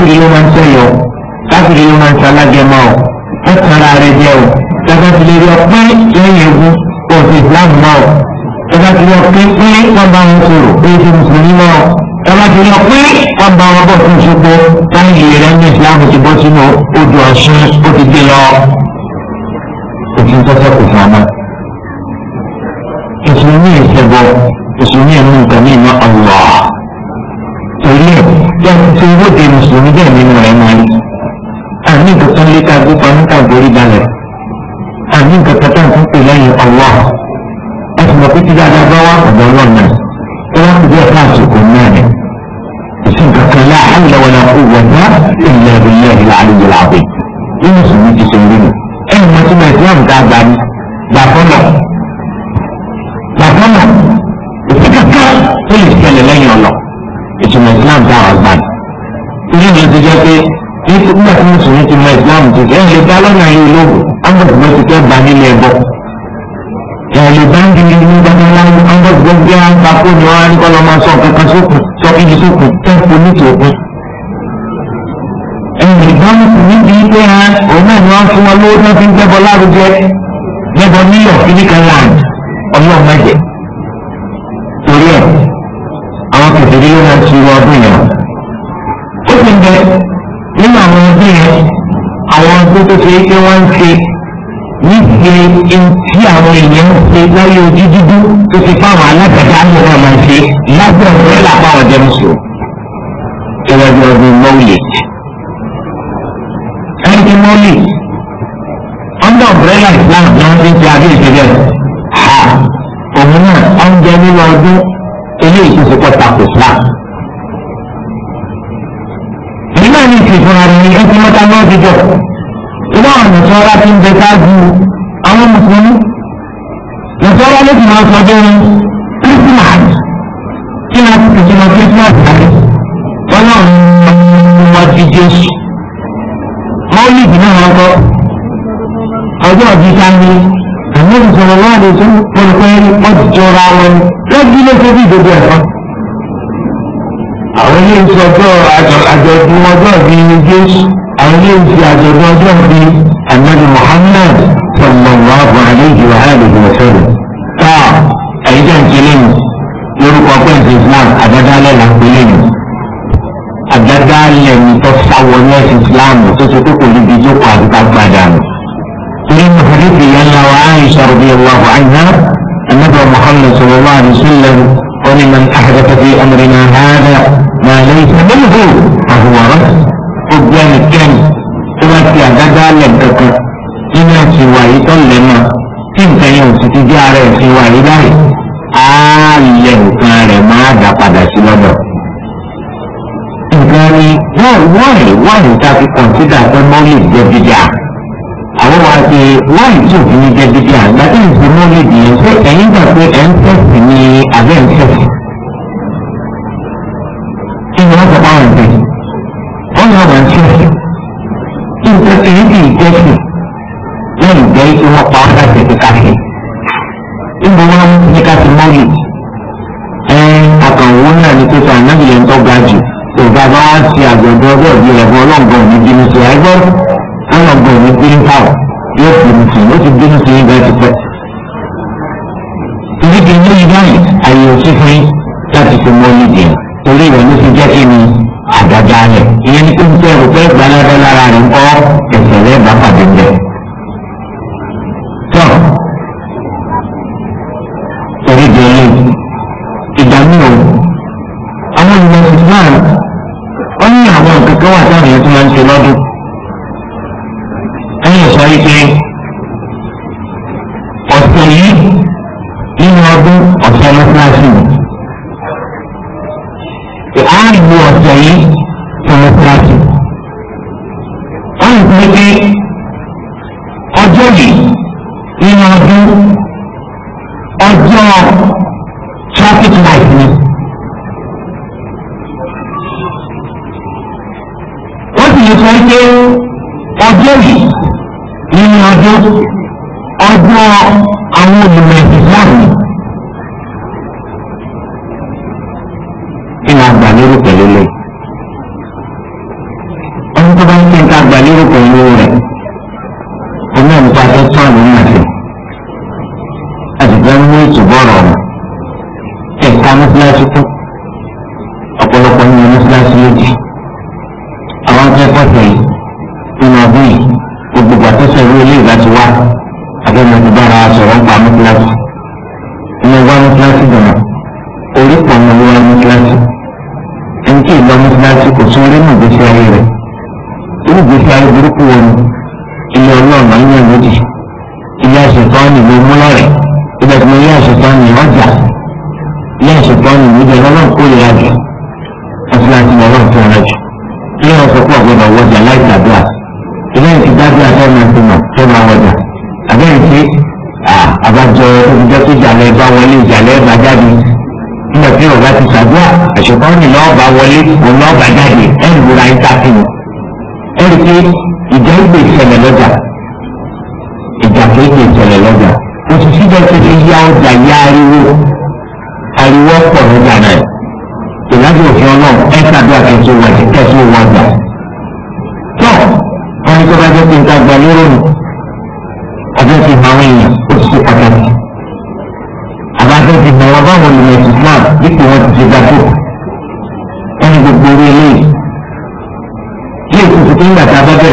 káfíìrì ló máa ń tẹ̀yọ̀ káfíìrì ló máa ń salágẹ̀mọ́ ọ̀ ó tara rẹ̀ jẹ́ ọ̀ tẹ́fàtìlẹ̀ yọ pé lẹ́yìn egun òsì islam mọ́ ọ̀ tẹ́fàtìlẹ̀ yọ pé pé wọ́n bá wọn sọ̀rọ̀ pé ti mùsùlùmí mọ́ ọ̀ tẹ́fàtìlẹ̀ yọ pé wọ́n bá wọn bọ̀ sí ìṣògbó táyì rẹ̀ ní islam ti bọ́ sínú odò ọ̀ṣun ó ti gbé lọ òfin tọ́sẹ̀ kò fà mọ́ ìṣòwò ìṣẹ̀bọ̀ ìṣòwò ìmú nǹkan ní ìmọ̀ ọ̀lọ́ torí ẹ̀ mùsùlùmí bẹ́ẹ̀ nínú rẹ̀ máa rí àmì ìdọ̀tún létà gbópa níta ìgbórí balẹ̀ àmì ìdọ̀tún tó ń pè lẹ́yìn ọwọ́ àti mọ̀ pé tí dáadáa bá wà ọ̀dọ́ ọlọ́run gbogbo ẹ̀fọn àwọn ilé ìṣe ọjọ́ àjọ̀dún ọjọ́ ìbí Jésù àwọn ilé ìṣe àjọ̀dún ọjọ́ ìbí Ànábì Muhammad sallallahu alayhi wa alihi wa sallam tá ẹ̀yìn jẹ́ ìjẹ́lẹ̀ mi lórúkọ pẹ̀lú Islam àdádálẹ̀ là ń pè lẹ́nu àdádálẹ̀ mi tó sáwọ ní ẹ̀sìn Islam tó ti kókò níbi ìjókòó àti gbàgbàdà mi. torí mo fi ìyá ńlá wa Aisha radiyallahu anha Ànábì Muhammad sallallahu alayhi wa sallam وممن أحدث في أمرنا هذا ما ليس منه فهو رد قدام الكلمة ثم استعداد لبك إنا سواي طلما تنت يوسف تجارة سواي داري ààlẹ̀ nǹkan rẹ̀ máa dà padà sí lọ́dọ̀. nǹkan ni wọ́n wọ́n rẹ̀ wọ́n jáde láì tí òfin ní jẹ́ dídí àgbà tí ìdí mọ́lẹ́dì pé ẹ̀yin gbà pé ẹ̀ ń fẹ̀sì ní abẹ́ ń fẹ̀sì. kí ni wọ́n sọ fáwọn ìgbẹ́? wọ́n ní àwọn ìfẹ̀sì. kí n tẹ́tẹ́ ní ìjẹ́sì lẹ́yìn jẹ́ kí pa á ayé burúkú wọn ilé ọlọ́run máa ń yàn lódì ilé àṣetọ́ni ló mú lọ́rẹ̀ ilé ọmọ ilé àṣetọ́ni ọjà ilé àṣetọ́ni ìwúdẹ ọlọ́run kó lè rájọ àti láti lọ ọlọ́run fún ọ̀rẹ́jọ ilé wọn sọ pé ọ̀gbọ́dọ̀ wọjà láì tàbí à ilé ìtì dájú àtọ́nà ti mọ̀ tó máa wọjà àbẹ́yìn tí àbájọ ìjọ tó jalè bá wọlé ìjàlẹ̀ bá jáde nígbà tí ọ̀gá ti ṣàdúrà àṣetọ́ni lọ́ọ́ wọlé òun lọ́ọ́ jáde ẹ̀ pé ìjà ń gbè ìṣẹ̀lẹ̀ lọ́jà ìjà tó ń gbè ìṣẹ̀lẹ̀ lọ́jà oṣù síbẹ̀ tó ti yá ọjà yá ariwo ariwo pọ̀ lọ́jà náà ìlàjì òfin ọlọ́run ẹ tàbí àkẹ́sọ̀ wájà kẹ́sọ̀ wájà tó wọn ní tó bá jẹ́ pé nǹkan gbà lérò nù. 大家好。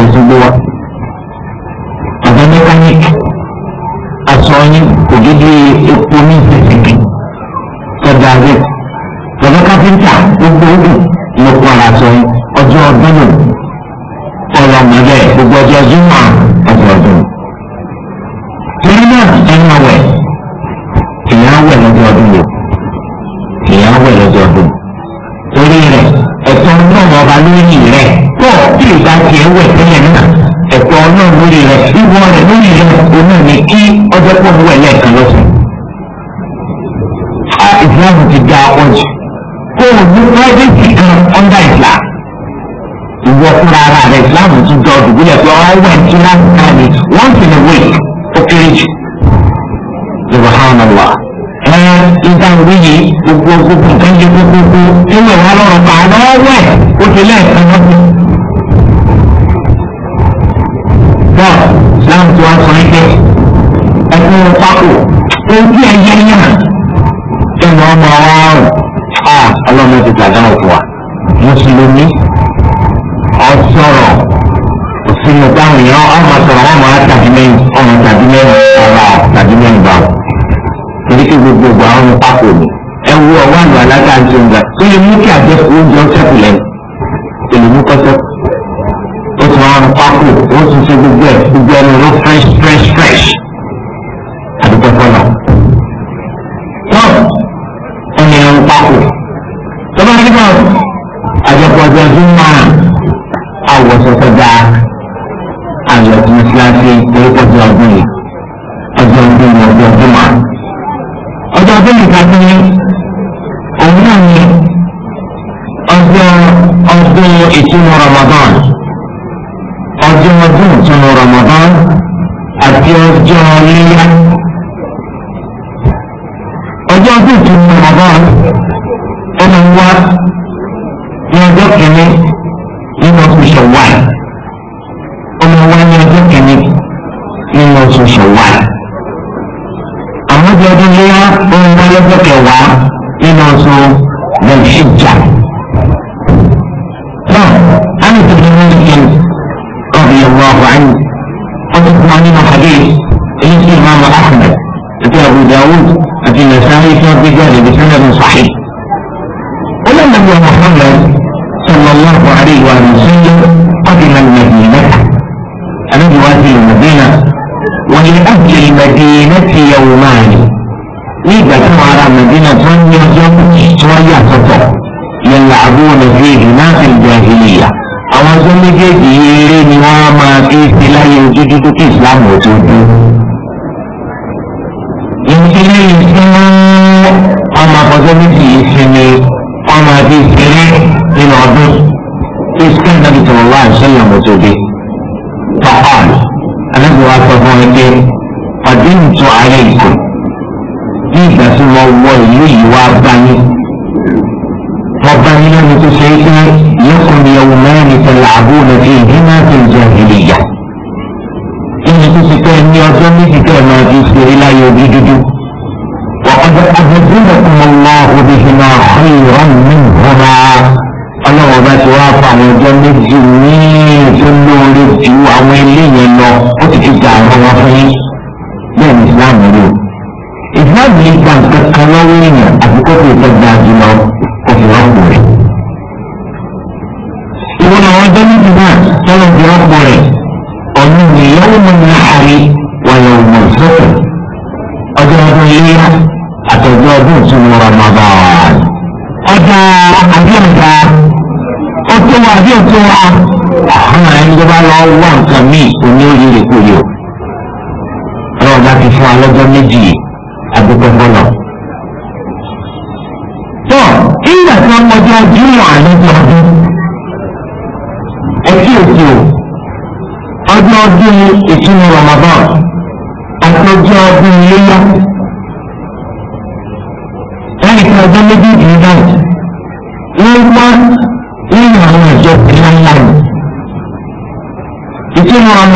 Lord أهل المدينة يومان إذا كان على مدينة يوم شوية تطور يلعبون فيهما في الجاهلية زمجة ديرين وما في سلاح يوجد كيس لا موجود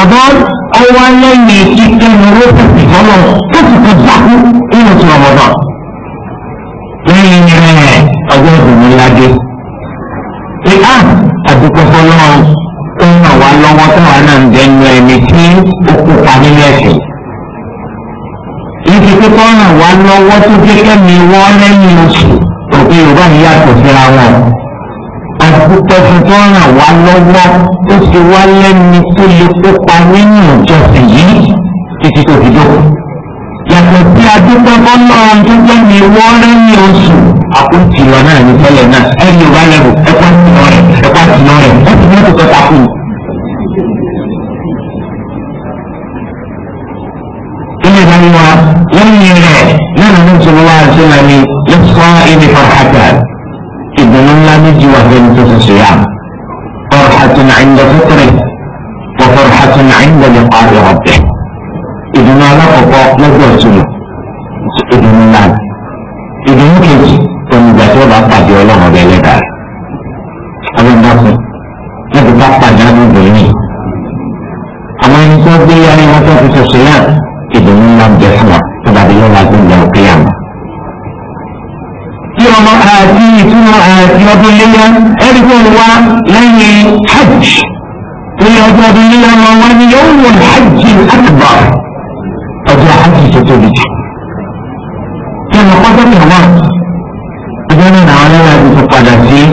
Ramadan ọwọ́ lẹ́yìn kíkẹ́nu ló fèsì lọ́nà tó sì ti dákú nínú ti Ramadan. lẹ́yìn rẹ̀ ọjọ́ ìdùnnú ládé. ìhà àdúgbò fọlọ́run tó ń ràn wá lọ́wọ́ tó wà náà ń dẹnu ẹ̀mí tí ó kópa nínú ẹ̀sìn. ìfi pípọ́ ràn wá lọ́wọ́ tó jẹ́ kẹ́mi wọ́ lẹ́yìn oṣù òkè Yorùbá yìí yàtọ̀ síra wọn. àdúgbò fún tó ràn wá lọ́wọ́ tó tó lè kópa nínú ìjọsìn yìí títí tó fi dókun. yàtọ̀ sí adúgbò kọ́nà tó jẹ́ mi wọ́n lẹ́yìn oṣù àkóńtì lọ náà ní tẹ́lẹ̀ náà ẹ̀yìn ìwà lẹ́rù ẹ̀kọ́ àtìlọ́ rẹ̀ ẹ̀kọ́ àtìlọ́ rẹ̀ ẹ̀sìn mọ́tò kọ́ta kù. ilé ìdáni wa lẹ́yìn rẹ̀ lẹ́nu ní ìṣòwò àṣìlá ni lọ́sọ́ ẹni fàràtà ìdùnnú ńlá méjì wà fẹ́ni tó ṣe yá. فرحة عند فطره عند لقاء ربه ìdùnnú alákọ̀ọ́kọ́ lọ́jọ́ ìtumọ̀ ìdùnnú náà ìdùnnú kejì onígbà tí ó bá pàdé ọlọ́run ọbẹ̀ ẹlẹ́dàá rẹ̀ ọlọ́dọ́kùn láti bá pàdánù ìdùnnú àwọn ẹni tó gbé ayé wọn tó fi ṣoṣo náà ìdùnnú náà ń bẹ fún wa tó bá dé lọ́la òkè àmọ́. tí ọmọ àti ìtumọ̀ àti ọdún léyà العبودية وهو يوم الحج الأكبر أجا حج ستولك كان قدر يوم أجانا على هذه القدسي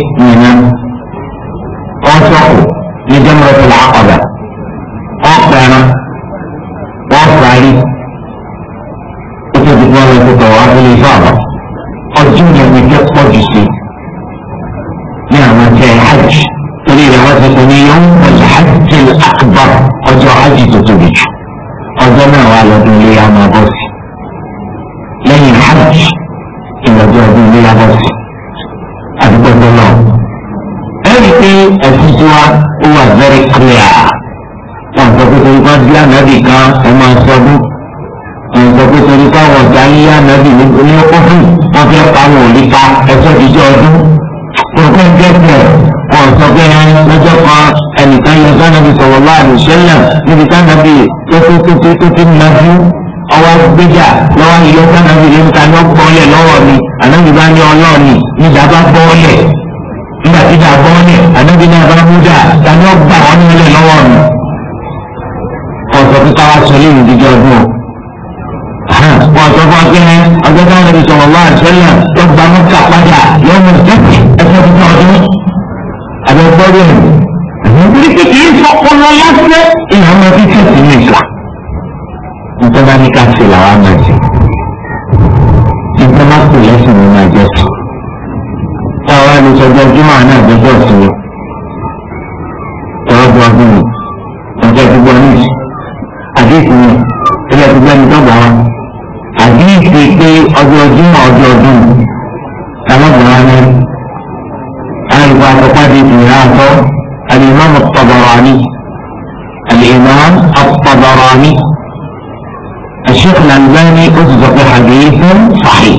ní ó ti sọ pé àgbéyéfún fàáyì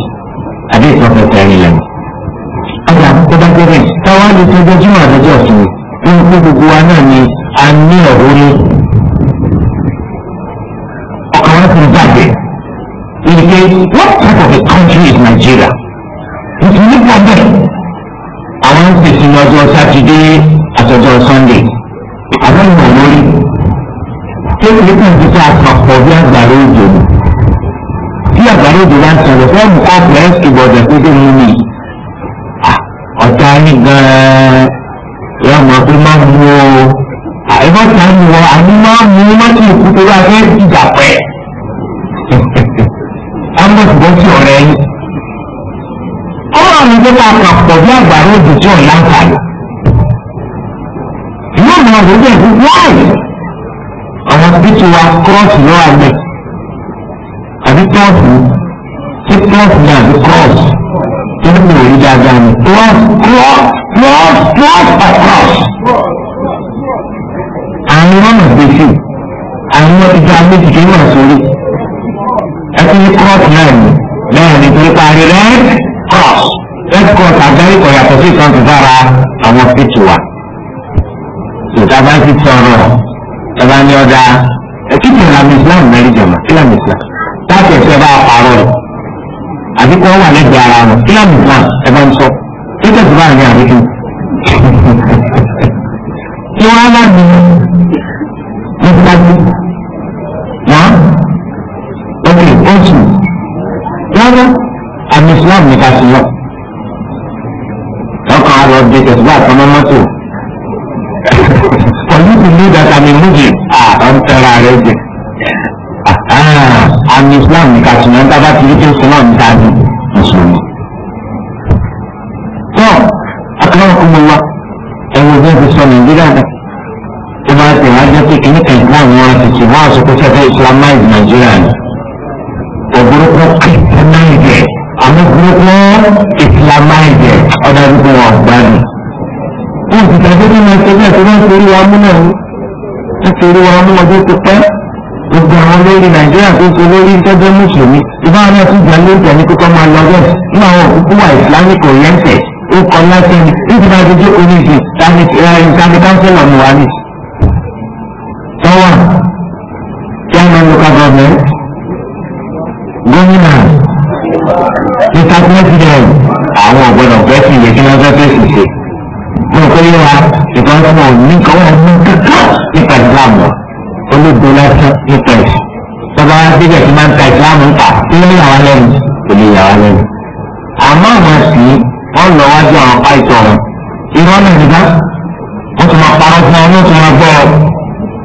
àbí ìpọ̀fẹ̀fẹ̀ rí lẹ́nu. ọjà tó bá tẹ́lẹ̀ táwa lè tọ́jú ọjọ́ àtọ́jọ́ ọ̀sìn ní gbogbo wa náà ni a ní ọ̀rọ̀ do the one thing but when you come next to God méjì tó náà sórí ẹtí ní cross náà ni bẹ́ẹ̀ ni torí parí red cross red cross àgbáríkọ̀ yàtọ̀ sí ìtàn ti dára àwọn fíìtì wa ìta bá ti sọ̀rọ̀ ẹ bá ní ọjà ẹtí ti ìlànà Islam mẹ́rin jọ̀mọ̀ ìlànà Islam láti ẹ̀sẹ̀ bá parọ́ rẹ̀ àbíkọ́ wà lẹ́gbẹ̀ẹ́ ara wọn ìlànà Islam ẹ bá ń sọ títẹ̀ tó bá ní àbíkú. tó ti pẹ́ gbogbo àwọn olórí nàìjíríà tó ti olórí jẹ́jẹ́ mùsùlùmí ìbá wọn ti jà ló ń tẹ̀ ní kókó máa lọ bẹ́ẹ̀ nínú àwọn òkúkú wa islamic oriented ó kọ láti ẹni níbi náà ti jókòó ní ìsìn tani council of muwani tọ́wọ́n chairman local government gómìnà mr president àwọn ọ̀gbọ́dọ̀ fẹ́ sí ìyẹn kí wọ́n fẹ́ fèsì ṣe mo kọ́ yé wa ìtọ́jú wọn ní kọ́ wọn kíkọ́ nípa ìgbà mọ́ olóògbé lásán nípa ẹ̀sìn tọ́ba débẹ̀ tí máa ń ta ìsìláàmù ń ta tí ó ní yàrá lẹ́nu kò lè yàrá lẹ́nu. àmọ́ àwọn sì wọ́n lọ wájú àwọn pàìtọ́ wọn irọ́ náà nígbà wọ́n ti máa parọ́ fún wọn lóòtú wọn gbọ́ wọ́n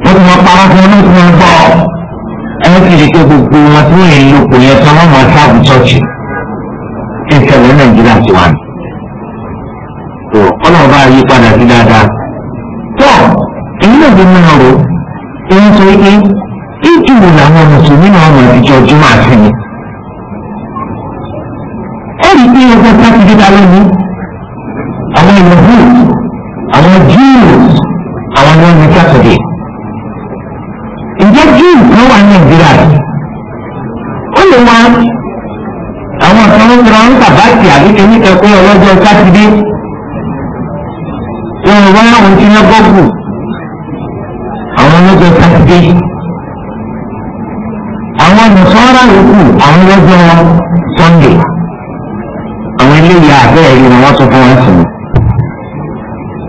ti máa parọ́ fún ohun tó yẹ ìjùmọ̀ làwọn mùsùlùmí náà mọ̀ ìjọ jùmọ̀ àti mi. ẹ rí i ọjọ́ sátidé ta lónìí àwọn ìlọ́hùn àwọn jíìs àwọn ni wọ́n ní sátidé. ǹjẹ́ jíìs kan wà ní nàìjíríà rẹ̀ ó lè wá àwọn kan ń ra ń sàbáàtì àbíkẹ́ níta pé ọlọ́jọ́ sátidé wọn wá àwọn tí wọ́n gọ́gùn lọ́jọ́ sátidé àwọn nìsọ́ra yòókù àwọn lọ́jọ́ sọ́ndé àwọn eléyìí àbẹ́rẹ́ ni wọ́n tún fún wọn sùn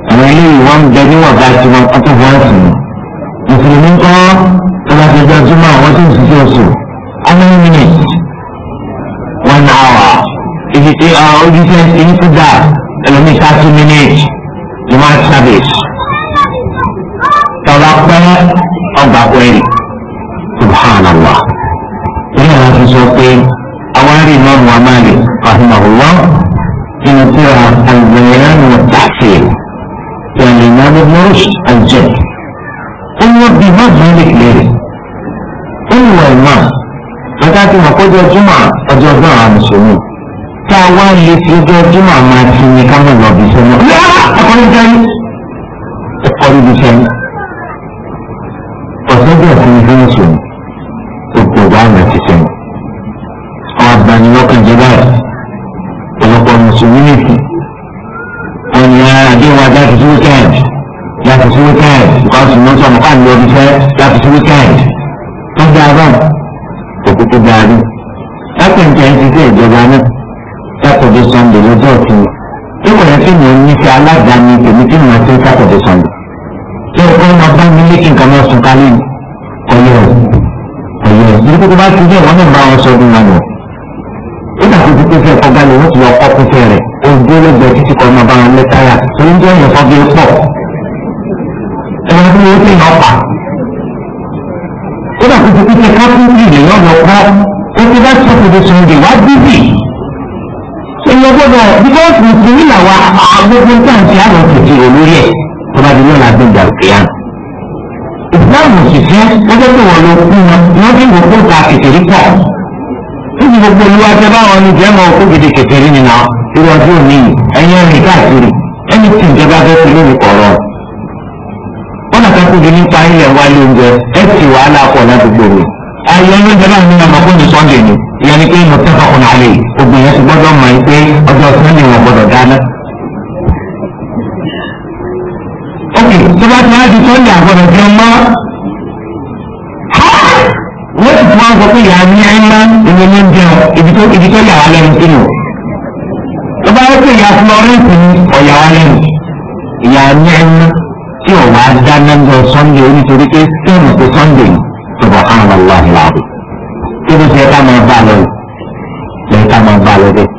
àwọn eléyìí wọ́n ń bẹ níwọ̀n bá tí wọ́n tún fún wọn sùn mùsùlùmí kọ́ ọba tẹjọ́ júmọ́ àwọn tó ń ṣiṣẹ́ oṣù ọmọ minutes one hour ojúṣe ojúṣe ẹni tó dáa ẹlòmíì thirty minutes ni wọ́n á sábẹ̀. àbọ̀ ẹ̀rì subhanallah torí àwọn ti sọ pé àwọn arí ìmáàmù wa máa lè rahimahullah inú tí a al-bayan wa at-tahfidh tí a lè máa lè mọ́rùs àjẹ́ ó ní wọ́n bí máa bá lè lérè ó ní wọ́n máa látàkì mọ̀ kọjọ júmọ̀ ọjọ́ ọgbọ́n àwọn mùsùlùmí tá a wá lè fi ọjọ́ júmọ̀ máa ti ní ká mọ̀ lọ́bì sẹ́nu ọkọ̀ nígbà yìí ọkọ̀ níbi sẹ́nu. pínfẹ́ kọjá lè wọ́n ti lọ kọ́ pínfẹ́ rẹ̀ ojú ẹlẹ́gbẹ̀ẹ́ títí kan máa bá wọn lé táyà tó ń jẹ́ ìyẹn fọ́gí pọ̀ ẹ̀rọ tó ń pín ọ̀pá. ó dà kókó pínfẹ́ kápẹ́ńtì rẹ̀ yọ̀ lọ kọ́ ó ti bá sọ́kòtò sọ̀rọ̀ rẹ̀ wá bíbí. èèyàn gbọ́dọ̀ bíkọ́sì mùsùlùmí làwa àgbègbè táǹtì àwọn tètè olórí ẹ̀ tó bá di lọ́la gbẹ̀gbẹ̀ àkèyàn ìsìláàmù sì fẹ́ lọ́jọ́ tó wọ́n lọ fún wọn lọ́dún ìwòkúta kìtìrí pọ̀ tí gbogbo olúwa tẹ báwọn ní jẹ́ wọn kó gidi kékeré nínú irú ọdún òní ẹ̀yìn ẹ̀rìn káàkiri ẹni tí ìjọba fẹ́ fi lórí kọ̀ọ̀rọ̀ wọn nàka kó di nípa ilẹ̀ wa ilé oúnjẹ ẹ ti wàhálà pọ̀ ládùúgbò rẹ̀ ayé ẹni jẹ́ báwọn nínú ọmọ fóònù sunday ni ìyẹn ni pé mo tẹ́ fọkàn àlè ògbìn yẹn ti gbọ́dọ̀ mọ̀ pé ọjọ́ sunday wọn gbọ́dọ̀ dáná. ok tó bá ti wá di sunday àgbọ̀dọ̀ jẹun mọ́ wọ́n sọ pé ìyá ní ẹ́ńlá ìwé ló ń jẹun ibi tó yà wá lẹ́nu sí nù tó bá wọ́n pé ìyá florence ní ọ̀yà wá lẹ́nu ìyá ní ẹ́ńlá tí ò wá dáná ń lọ sunday onítorí pé sẹ́ẹ̀mù pé sunday tọ̀bọ̀ àwọn ọlọ́ọ̀lá rẹ̀ kí ló ṣe ká máa bá lọ ṣe ká máa bá lọ bẹ́ẹ̀.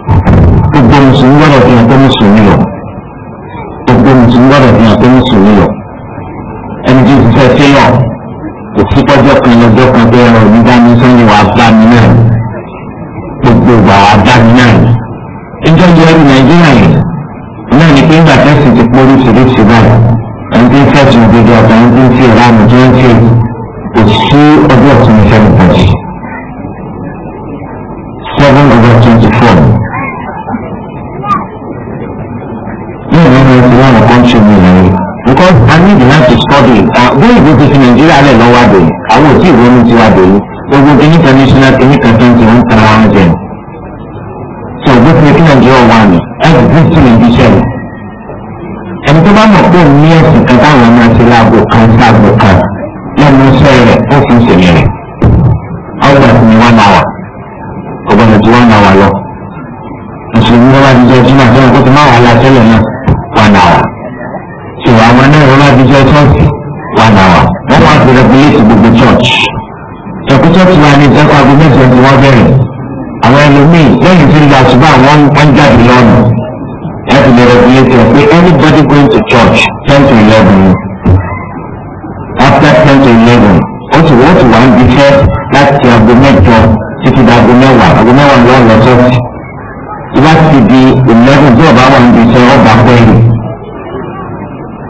ìlẹ́kùn tí ọba wà níbi iṣẹ́ ọba pẹ́ẹ́lú.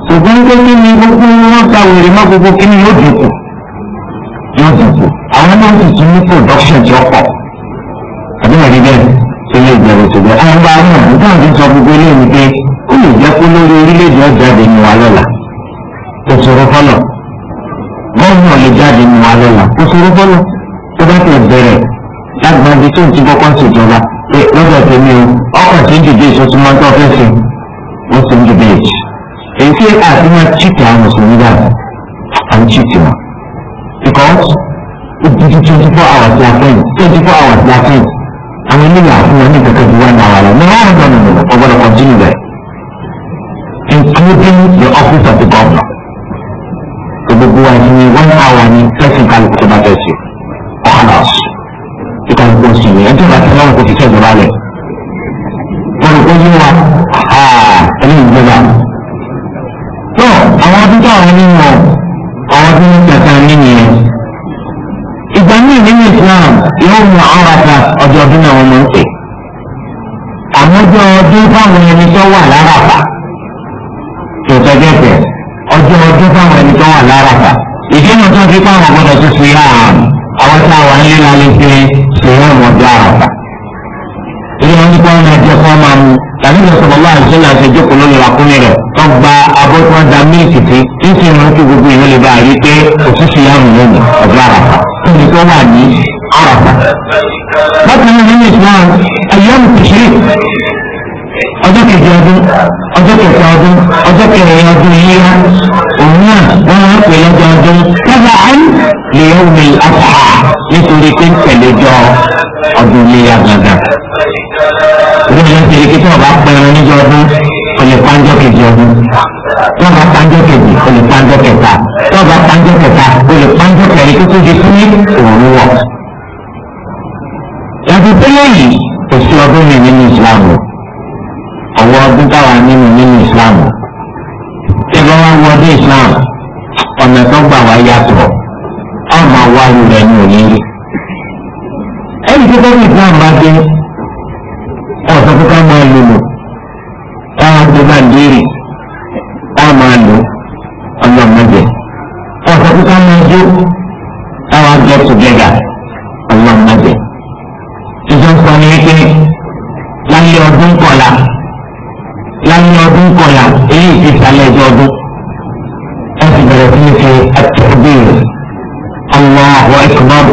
ṣùgbọ́n kékeré ni gbogbo wọn ṣàwèrè mọ́ gbogbo kí ni yóò dínkù yóò dínkù àwọn náà sì tún ní production tí ó pọ̀ àbíyànjú bẹ́ẹ̀ tó lè bẹ̀rẹ̀ tó àwọn bá wọn nígbà tí sọ gbogbo ilé mi pé ó lè jẹ́ kó lórí orílẹ̀-èdè ọ̀jáde ni wà lọ́la kò sọ̀rọ̀ fọlọ̀ gọ́ọ̀nù lè jáde ni wà lọ́la kò sọ̀rọ̀ fọlọ̀ tó bá tẹ̀ bẹ̀rẹ̀ lágbàdì tó ti kọ́kọ́ ṣèjọba lọ́dọ̀ tèmi o ọkàn tí ń dìde ìṣọ́súnmọ́ tó fẹ́ sìn wọ́n sì ń dìde èjì èyí tí àti máa chíìtì àwọn mùsùlùmí dà àwọn chíìtì wọn. because odidi twenty four hours la fẹ́ twenty four hours la fẹ́ àwọn eléyà fún wọn ní kankan ju one hour lọ ní wọ́n rẹ̀ gbọ́dọ̀ ọgbọ́dọ̀ continue there including the office of the fáwọn ẹni tó wà lára pa ń kọlà èyí ti sàlẹ̀ ẹjọ́ ọdún láti bẹ̀rẹ̀ sí ní ṣe àtẹ̀bí Allahu Akbar.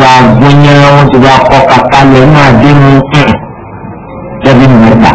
bá gbóyán wọ́n ti bá kọ́ kàkálẹ̀ náà dé ní ẹ̀ẹ́dẹ́gbẹ̀rún mẹ́ta.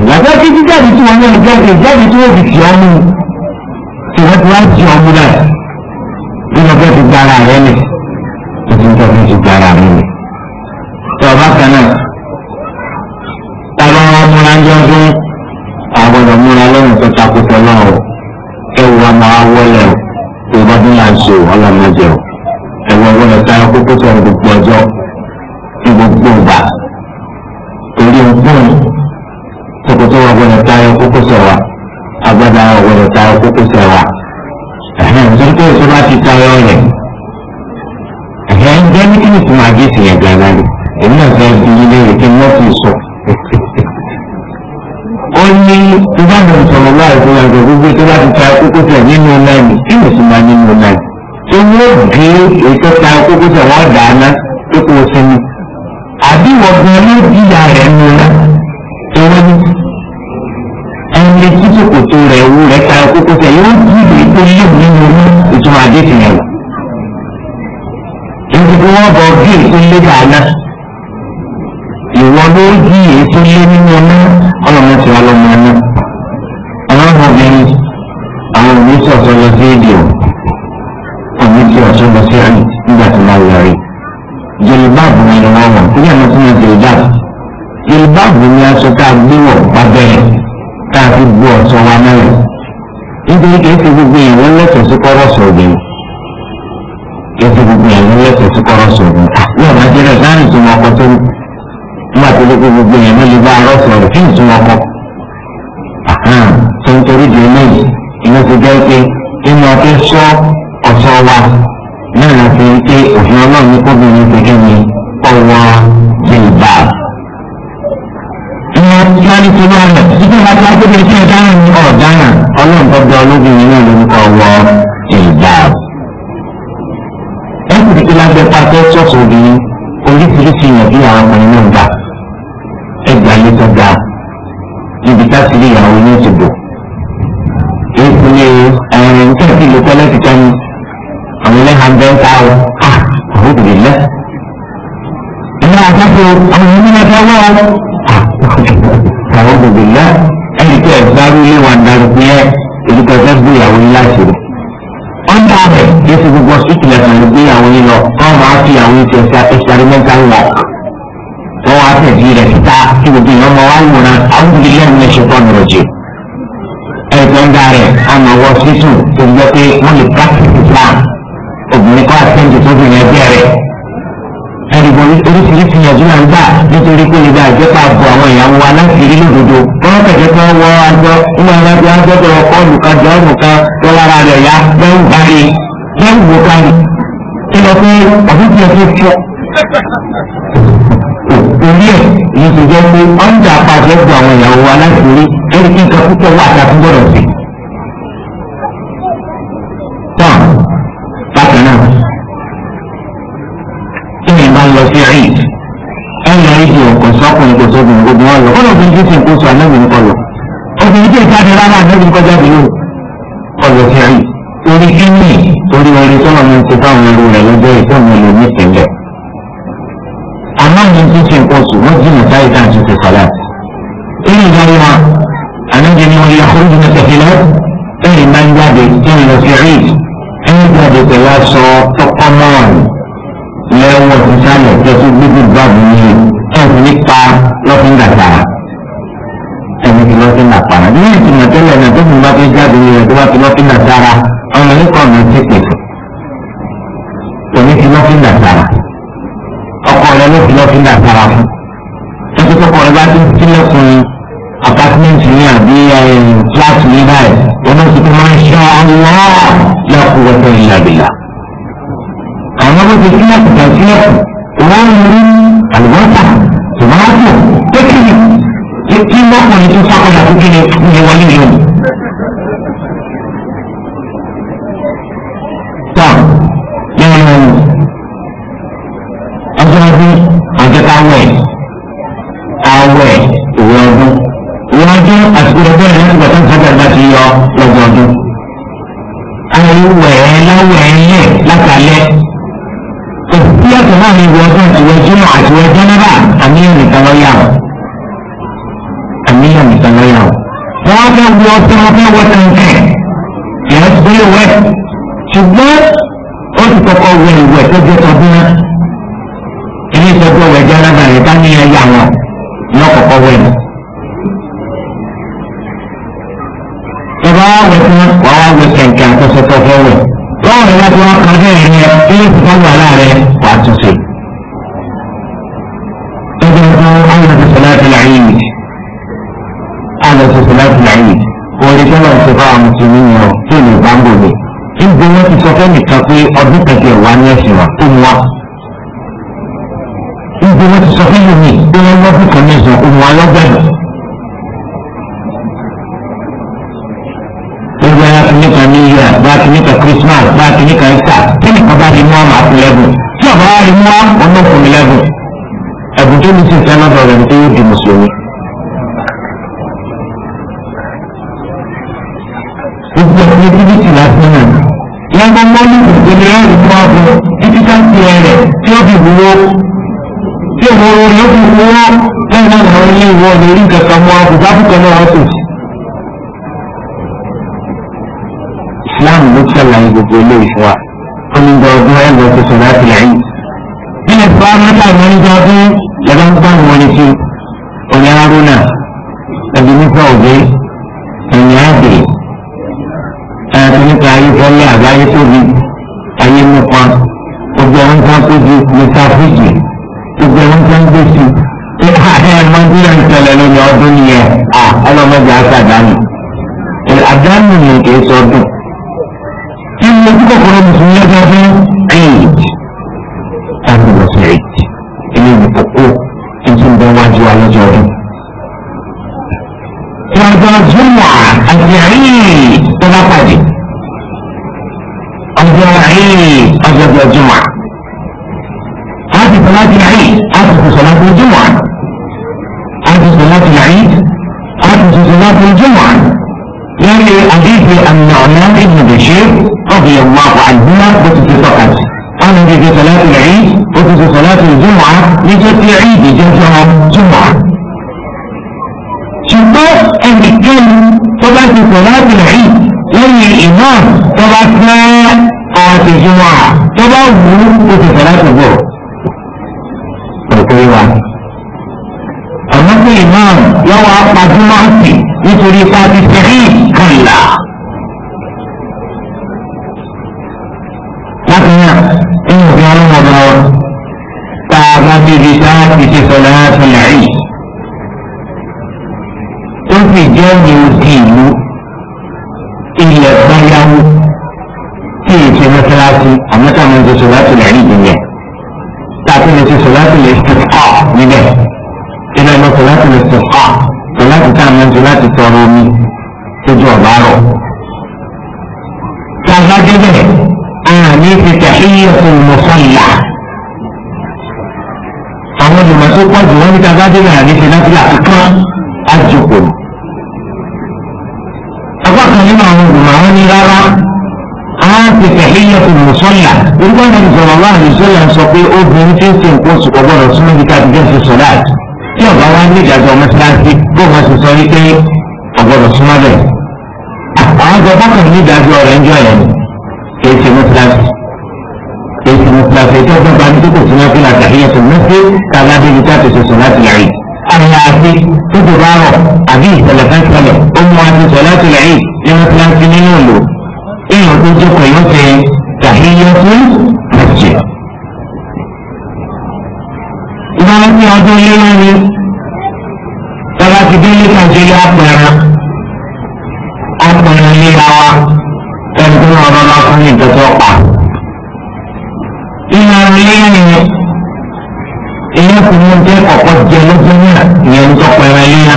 Ìgbàgbọ́ kí jíjáde tí wọ́n ní ọjọ́ jáde tí wọ́n fi tì ọmú tí wọ́n ti wá tì ọmú náà. Bí wọ́n fẹ́ gbára rẹ̀ ni, ó ti ń gbára rẹ̀ ni. yìí ètò ta kókó sọ máa wọ sísù tó gbọ́ pé wọ́n lè practice Islam obìnrin kọ́ àtẹ́ǹtì tó fi yẹn bẹ̀rẹ̀ ẹ̀rìbọn oríṣiríṣi ìyànjú náà ń gbà nítorí pé nígbà àjẹpà àbọ̀ àwọn ìyàwó wa láti rí lódodo wọ́n kẹ̀kẹ́ kan wọ aṣọ ilé ọlọ́dẹ agbọ́dọ̀ ọkọ nìkan jọ nìkan tó lára rẹ̀ yá lẹ́yìn gbáre lẹ́yìn wò kárí kí lọ pé àbí tiẹ̀ tó fọ́ orí ẹ̀ yìí tó jẹ́ pé ọ́njà rí kí nǹkan òyìnbó ni wọ́n lọ wọ́n lọ fi jíjìn kó sọ anábì ń kọlọ obìnrin tí ìjáde rárá anábì ń kọjá bí yóò kọlọ sí àyè torí kíní torí orí sọ́nà mi ti fáwọn ẹrú rẹ̀ lọ́jọ́ ìfọ́nà lè ní ìpínlẹ̀ anábì ń jíjìn kó sọ wọ́n jìnnà táyì dáhùn ti sọ̀rọ̀ lára mùsùlùmí ni ọ tí èmi bá ń bò mí níbi wọn ti sọ fẹ́ nìkan pé ọdún kẹjọ wà ní ẹ̀sìn wa tó mu wa níbi wọn ti sọ fẹ́ yìí mi pé wọn lọ́dún kan ní ẹ̀sìn òun wa lọ́gbẹ̀dọ̀. gbogbo ẹran kìíní kan ní yíyá bá kìíní kan Christmas bá kìíní kan ẹ̀sà tí nìkan bá rí mú wa máa fún lẹ́bùn tí ọ̀bá wa rí mú wa wọn náà fún mi lẹ́bùn ẹ̀bùn tó ní sí ìfẹ́ lọ́dọ̀ rẹ̀ ní pé di mùsùlùmí. gbogbo mọ́lùkù ìlú ẹ̀rù fún ọ̀bùn títí sáǹtì ẹ̀rẹ̀ tí ó fi wúwo tí ìwòrò ló fi wúwo lẹ́yìn náà àwọn ilé ìwọ ní orí ìkẹta mọ́ ọ̀bùn sáfùkọ náà wọ́n tòṣì. Islam ló ṣàlàyé gbogbo ilé ìfún wa ó ní gba ọdún ẹgbẹ́ tuntun láti lẹ́yìn. bí lè fa mẹ́ta ìwọ ní gba ọdún lọ́dọ̀ ń gbà wọn ní sí ọ̀nà arúnà ẹ̀dùnúfà òbí República. débẹ̀ àmì ti tẹ̀síyẹ òmùmọ̀ sọ̀lá. àwọn olùmọ̀ tó pọ̀ jù wọ́n ní tàbá débẹ̀ àmì ti náà fi àkọ́kọ́ àjòkò. apá kan nínú àwọn olùmọ̀ àwọn ní rárá àwọn ti tẹ̀síyẹ òmùmọ̀ sọ̀lá. náà sọ̀rọ̀ wá àmì sọ̀lá sọ pé obìnrin tí ń ṣe nǹkan oṣù kọ̀ gbọ́dọ̀ súnmọ́ ibi káàdì jẹ́ sọ̀lá àwọn ọjọ́ bákan ní ìdájọ́ rẹ̀ ń jọ yẹn ni kìí ṣe mú kíláàsì kìí ṣe mú kíláàsì ètò ọjọ́ bá ní tó kò sí náà fílà tàbíyẹ tó mú sí tàbá débi tá a ti sọ̀sọ̀ láti yàrí. àyà àti tókò bá rọ̀ àbí ìṣẹ̀lẹ̀ kan ṣẹlẹ̀ ó mú àti sọ̀ láti yàrí nínú kíláàsì nínú òlò èèyàn tó jókòó yóò fẹ́ tàbíyẹ fún àjẹ. ìbára ní ọdún ilé wọn ni tọ́lá ti dé ilé kan jẹ́ ilé àpẹẹrẹ àpẹẹrẹ ilé wa ẹni tó wọn bá fún ní nǹkan tó pa. ìyá mi lẹ́yìn ìyá kò ní jẹ́ kọ̀kọ́ jẹ lójú náà ìyẹn tó pẹ̀rẹ̀ líla.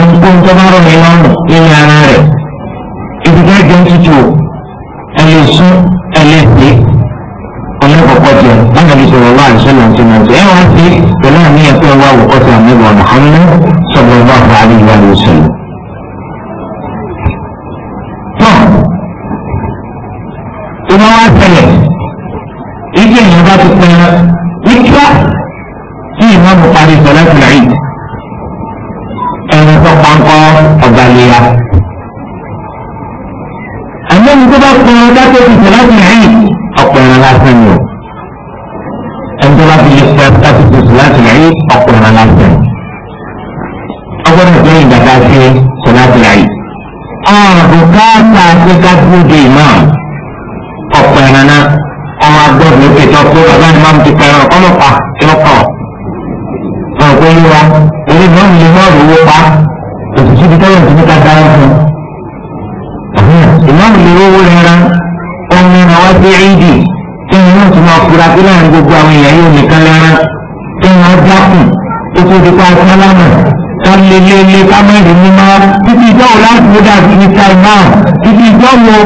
ohun tó bá rọ̀ mí lọ́rùn ìyá ara rẹ̀ ibi tó jẹ́ tútù ẹ lè sún ẹ lè pè ọlọ́kọ̀ọ́kọ́ jẹ lọ́nà bí sọ̀rọ̀ wà lọ́sọ̀lọ́ ti máa jẹ ẹ wá sí pẹ̀lú àníyàn pé wà wò ọ̀sẹ̀ àmì wà mọ̀hámẹ́ sọ̀rọ̀ wà fún àdìgbà wo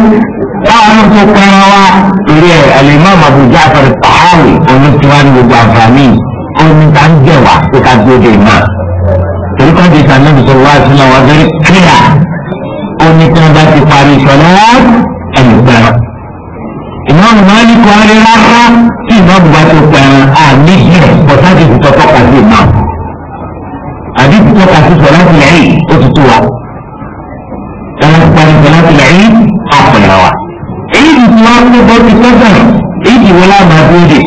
báwọn tó kẹra wa torí ẹ alimami Abu Ja'far Tahawi oní tiwa ní gbogbo àǹfààní oní ta ń jẹ wá kó ká gbé de torí kan di sàn níbi sọ̀rọ̀ wá sí náà wọ́n very clear oní tí wọ́n bá ti parí sọ̀rọ̀ ẹnì pẹ̀rọ. ìmọ̀ọ́nù máa ní kọ́ ẹ́rẹ́ rárá tí ìmọ̀ọ́nù bá tó pẹ̀rọ àmì yẹn bọ̀tá ti fi tọ́tọ́ kan sí ìmọ̀ àbí ti tọ́ka sí sọ̀rọ̀ síra wa èyí ti ti wá kó bọ́ ti tọ́jà èyí ti wọlé àmà dúdè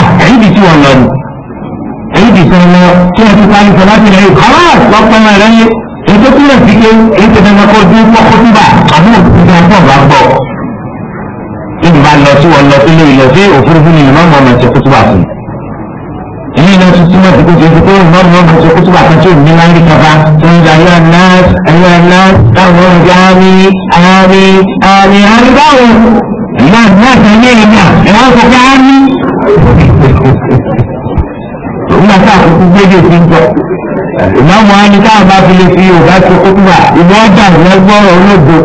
ah, èyí ti tí wọn lọ ni èyí ti sọ lọ tí wọn ti parí sọ láti rẹ kọ́lá lọ́pọ̀ náà rẹ yé ètò kúrò sí pé èyí ti fẹ́ kọ́ dún kọ́kọ́ síbà àbí òkúta tó bá gbọ́ ìdìbò àlọ́ tí wọn lọ sílé ìlọ sí òfurufú ni ìmọ̀ ọmọ ọmọ ìṣẹ́kútù wà fún un èyí lọ sí túmọ̀ sí kókò ìdíkó ìmọ̀ràn wọn bọ̀ sí kókò àti tí òní láńdí kaba tó ń gba yóò nọ́ọ̀sì ẹ̀yọ́ nọ́ọ̀sì táwọn ọ̀rọ̀ bí àmì àmì àmì àmì báwo ìyá nọ́ọ̀sì ẹ̀yẹ́ ìyá ẹ̀wọ́n sọ pé àmì. òun náà sáà kúkú gbédè sí ń bọ̀ ìmáàmù á ní káwọn bá fi lè fi yorùbá tó wà ìmọ̀ ọjà ìlọgbọ́rọ̀ olóògbé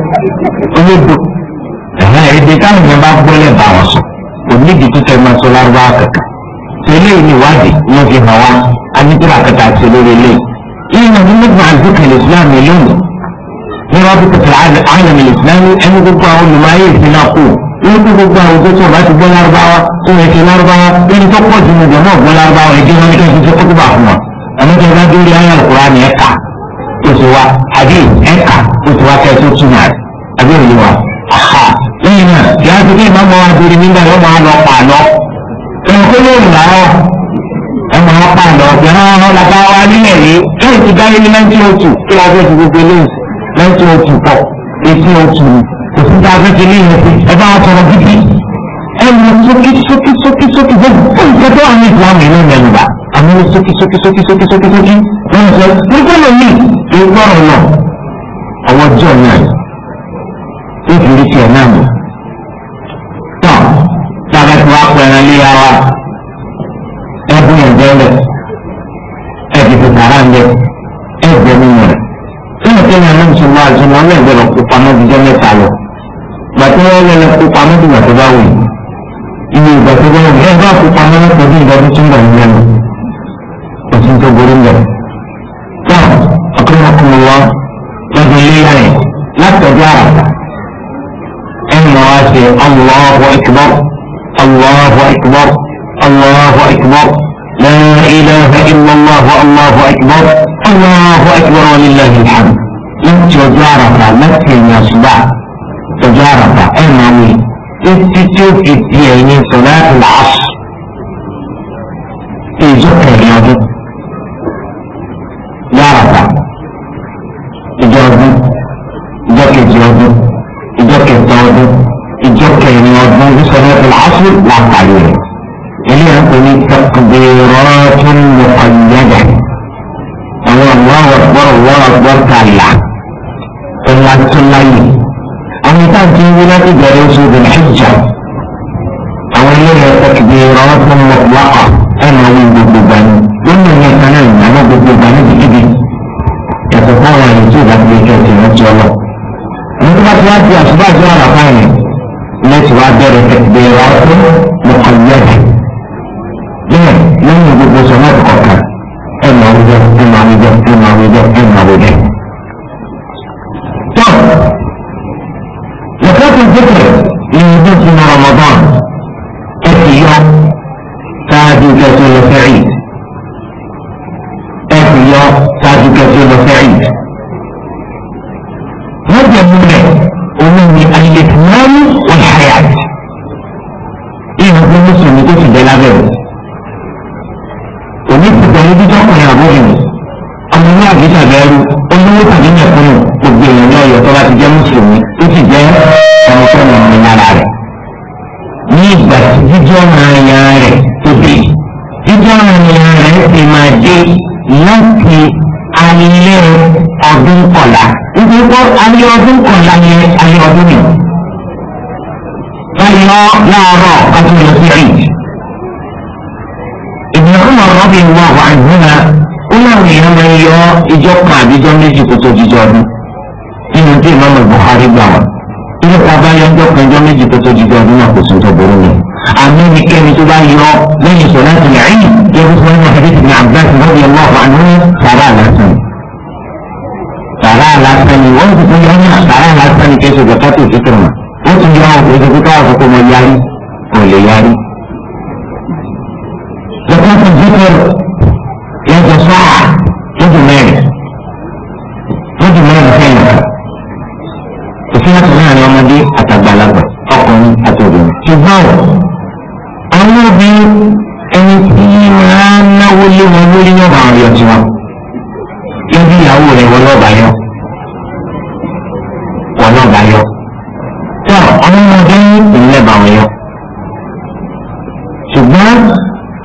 eléyìí ni ìwádìí wọn fi hàn wá anítìrà kẹta àti olórí eléyìí ìyẹn ní nígbà àdúgbò islam lónìí ní wọn fi tètè àyàmì islam ẹni gbogbo àwọn olùmọ̀ayé ìsìn náà kù ní kí gbogbo àwọn tó tó bá ti gbọ́ lárúbáwá tó yẹ kí lárúbáwá ẹni tó pọ̀ jù ní ìjọ náà gbọ́ lárúbáwá ẹgbẹ́ wọn ní kí wọ́n ti kó àmọ́ tí a bá dórí ayé tó túmọ̀ rẹ̀ àbí òye wa nǹkan ló ń bá ọ ọmọ wọn pa àlọ ọgbẹ náà wọn lọta wa nílẹ̀ yìí kí èsì dáyé ní nineteen oh two kí wọn fẹẹ fi gbogbo eléyìí nineteen oh two pọ eighteen oh two kò sí tá a fẹẹ fi eléyìí fi ẹ bá wọn sọ̀rọ̀ gidi ẹnu sókè sókè sókè sókè gbogbo nǹkan tó àwọn ìsìlámù ìlú mẹ́lúbà àwọn sókè sókè sókè sókè sókè sókè wọn sọ nígbà wọn ní ìgbọràn náà àwọn jọ náà ìfìrí tiẹ̀ náà kan lè gbọ́dọ̀ kó pamọ́ jíjọ́ mẹ́ta lọ gbàtí wọ́n lè lọ kó pamọ́ dìgbà tó bá wù iye ìgbà tó bá wù ẹ bá kó pamọ́ lọ́pọ̀ bí ìgbà tó tún gbà ní ẹnu kò sí tó borí lọ. tán ọkùnrin wa lọ́dún ilé rẹ̀ látọ̀jọ́ àràbà ẹnì wa ṣe Allahu Akbar Allahu Akbar Allahu Akbar la ilaha illallah Allahu Akbar Allahu Akbar wa lillahi alhamd in tijarata mẹ́tẹ̀ẹ̀yìn àṣùbà tijarata ẹ̀ máa ní títí tí ó fi di ẹ̀yìn sọ̀rọ̀ àti làásù.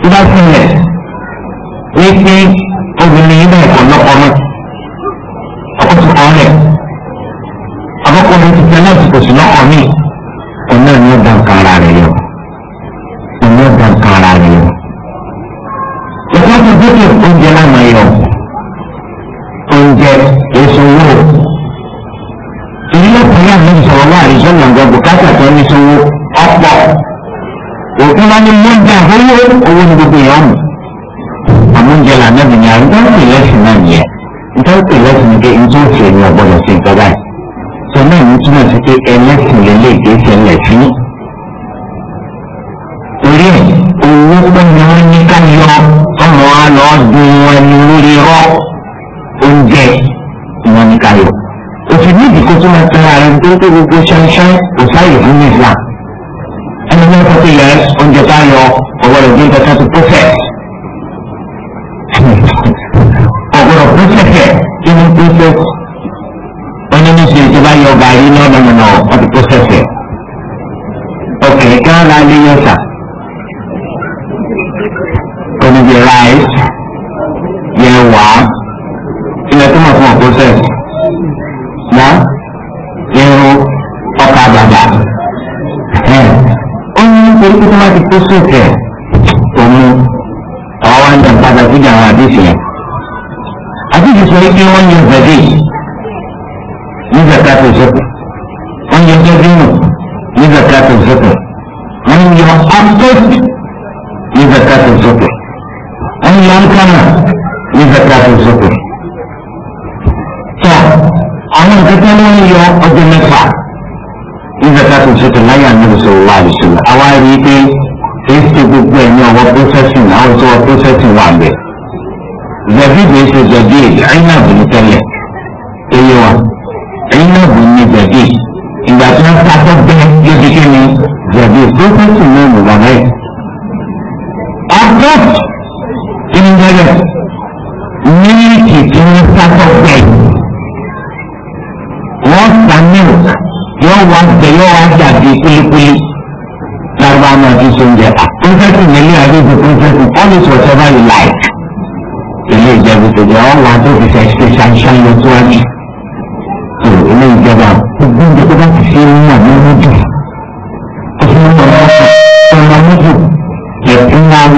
ہے ایک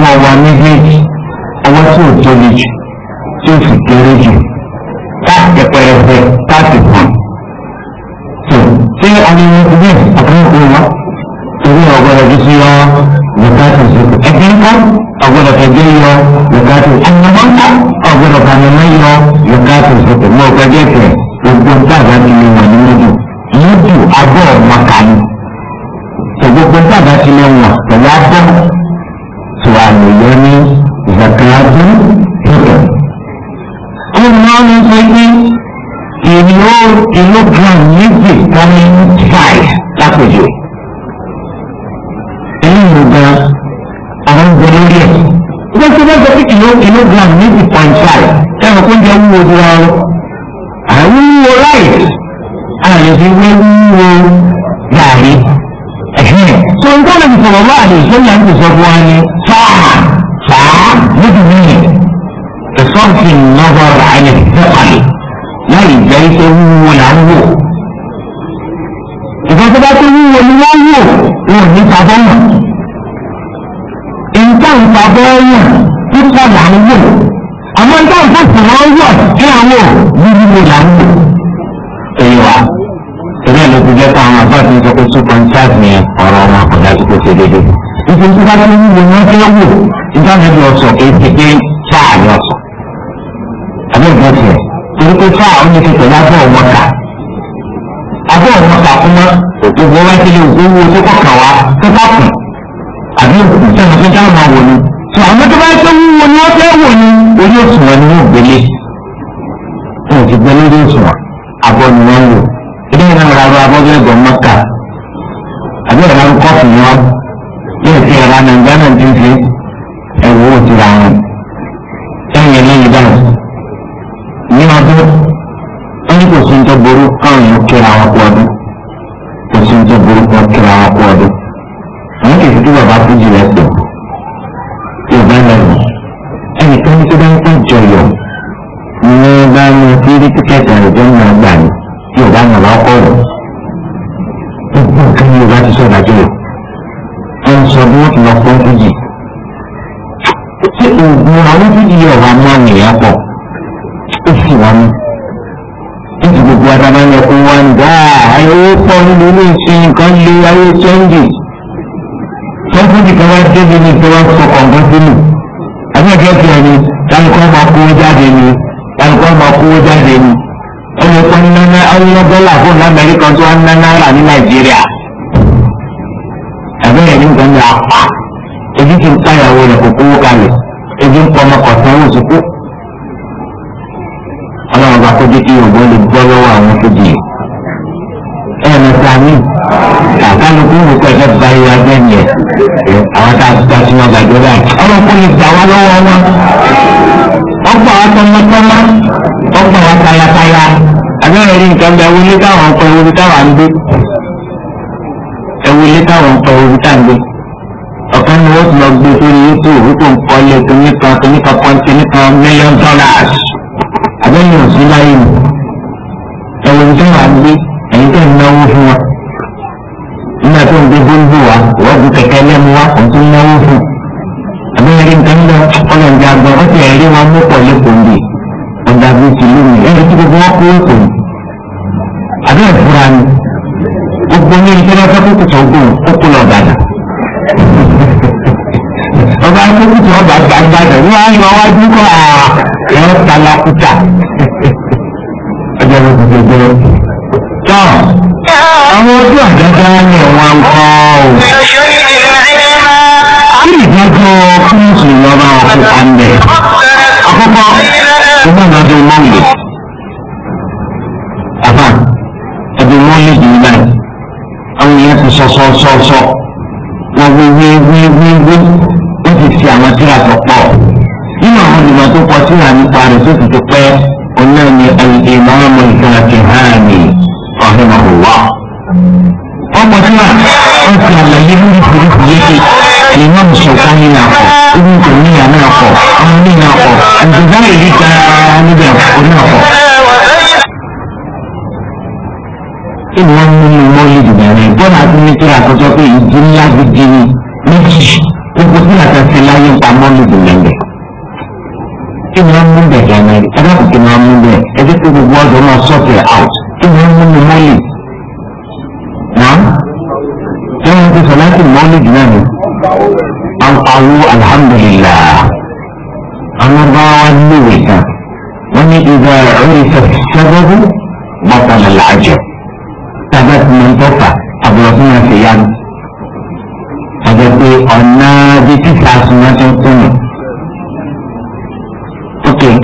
ọwọ́ wa méjèèjì ọwọ́ tí ò tóbi jù tí ò sì kéré jù táàtì pẹrẹsẹ táàtì kan. You look round. ่าเอาเงินไปเผยแพร่พระมงค์ owó chẹ́ńgì kọ́mpútì kan wá débi ní ìpínlẹ̀ ọ̀sán kọ̀ọ̀kan sínú àbíọ̀kẹ́ ti ẹ̀ ní kálukọ́ máa kówó jáde ní kálukọ́ máa kówó jáde ní ọmọ kan nana awúyọ dọ́là fún lamẹ́ríkà tó ń nana rà ní nàìjíríà àbẹ́yẹ̀ ní nǹkan ní apá ebi ti ń pàyàwó rẹ̀ kò kówó kalẹ̀ ebi ń pọmọ kọ̀tàn owó sùkú ọlọ́run bá kó jẹ́ kí yorùbá lè gbọ́ lọ́wọ́ àwọn tó jì ẹ̀ ẹ̀ ní kálukú wò pé ẹ bá ni, gbẹ̀mí ẹ̀ àwọn tá a gba tí wọ́n gbàgbé báyìí ọlọ́kùnrin gbà wá lọ́wọ́ wọn ọgbà wa tọmọtọmọ ọgbà wa tayataya abẹ́rẹ́ rí nǹkan bẹ́ẹ̀ wọlé táwọn ọkọ̀ ewu táwọn ń gbé ẹwọlé táwọn ọkọ̀ ewu táwọn ń gbé ọ̀kan ni wọ́n lọ gbé sórí youtube wípé ń kọ́lé kìíní kan kìíní kan pọ́n kìíní kan million dollars abẹ́rẹ́ òsínláyé ẹwọlé táwọn ń gbé ẹ̀yin tẹ̀ ń náwó fún wọn.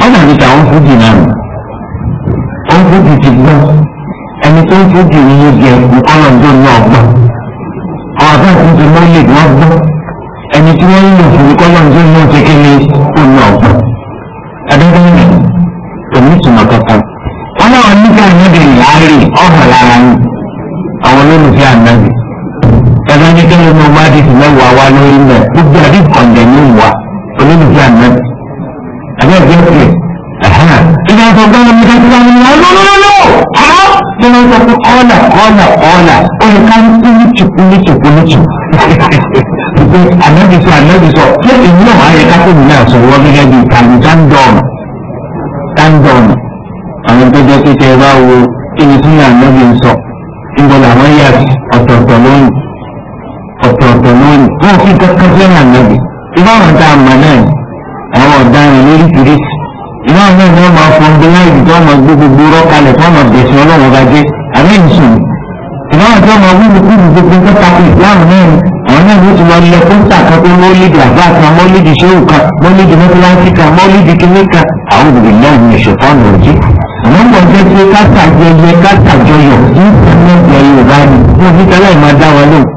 ọmọ mi ta fújì náà ó fújì ti gbọ́ ẹni tó ń fújì ní yege ẹ̀kú ọlọ́dún náà gbọ́ ọ̀dọ́ ìfúnjẹ mọ́lẹ̀ wọ́n gbọ́ ẹni tí wọ́n ń lò fún ọlọ́dún náà ti kéde ó náà gbọ́ ẹ̀dọ́gbọ́n mi kò ní ìtumọ̀ kankan ọlọ́run nígbà níbi ìyáàrí ọ̀hún lára ni àwọn olólùfẹ́ ànábì ẹ̀dọ́ ní kẹ́lẹ́ ní mẹ́wàá wa lórí mẹ́ gbogbo àdìsí bẹ́ẹ̀ bí ọ̀kẹ́ ìgbà tó gbọ́ ní ìgbà tó gbọ́ ní ìgbà tó máa ń sọ pé ọ̀nà ọ̀nà ọ̀nà olùkà ń kú níchùkú níchùkú níchù ìpè ànábìsọ ànábìsọ ṣé èyí náà ayẹ kákòmù náà sọ wọ́n gẹ́gẹ́ bíi kàmí tándọ̀mù tándọ̀mù àwọn tó jẹ́ pé tẹ ẹ bá wo kí ni sínú ànábì ń sọ níbo làwọn yà ọ̀tọ̀ọ̀tọ̀ lónìí ọ̀tọ̀ọ̀tọ̀ lónìí wọn fi kankan sẹ́yìn ànábì ìbáwọn tá a mọ̀ náà àwọn ọ̀daràn lóríṣiríṣi náà náà ni wọ́n máa fọn bí láì tó ọmọ gbé gbogbo rọ́kalẹ̀ tó ọmọ bẹ̀sẹ̀ ọlọ́run bá jẹ́ àmín sùn ìmáà tó ọmọ wíwú kúrú gbogbo tó tako ìsìláàmù náà ni àwọn náà ló ti lọ lẹ pósítà kan pé mọ́lídì àbá kan mọ́lídì ṣéwù kan mọ́lídì mọ́tíláńtì kan mọ́lídì kínní kan àwọn òbí náà ní ìṣòfóònù òjì àwọn ọmọ jẹ́ pé káta jẹyẹ káta jọyọ̀ ní ìsìnkú yorùbá ni wọn fi tẹ́lẹ̀ máa dá wa lóhùn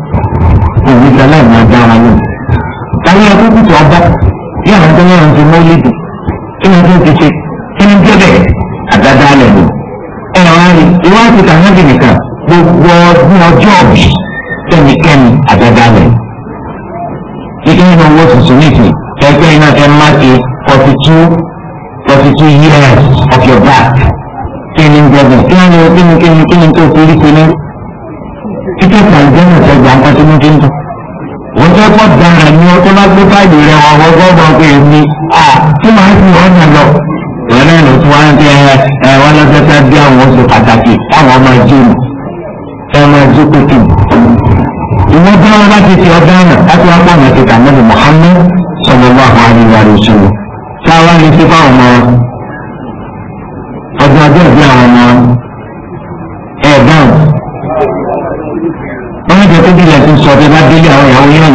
òbí tẹ́lẹ̀ máa dá wa lóhùn táyé akókò tó ọba tí àwọn tó mẹ́rin ti mọ́ lédè kí ni tó ti ṣe kí ni jẹ́ bẹ́ẹ̀ àdáda alẹ̀ lò. ẹ wá rí iwájú tàwọn nìkan gbogbo ọdún ọjọ́ òbí kẹ́nikẹ́ni àdáda alẹ̀. kíkẹ́ nínú owó tuntun nìkan ẹgbẹ́ iná ẹ má ti forty two forty two years of your back. kí ni gbọ́dọ̀ kí ni kí ni kí ni kí ni tó fi rí pinnu. kíkẹ́ tàǹdẹ́nà tẹ̀gbọ́n kan tó ní kí n wọ́n fẹ́ pọ̀ dára ní ọkọ́ bá gbé báyìí rẹ̀ wọ́n gbọ́gbọ́ pé èmi à tí màá fi wọ́n yàn lọ. ìwọ́n náà ló tún wá ń ẹ wọ́n lọ́sẹ̀ fẹ́ bí àwọn oṣù pàtàkì táwọn ọmọ ẹjọ́ mi ẹ máa jó pété. ìwọ́n bí wọ́n bá ti fi àná láti wá pàmò ti kà níbi Muhammad sallallahu alaihi wa sallam. táwa ní sí ọmọ ọjọ́ ọjọ́ ìbí àwọn ọmọ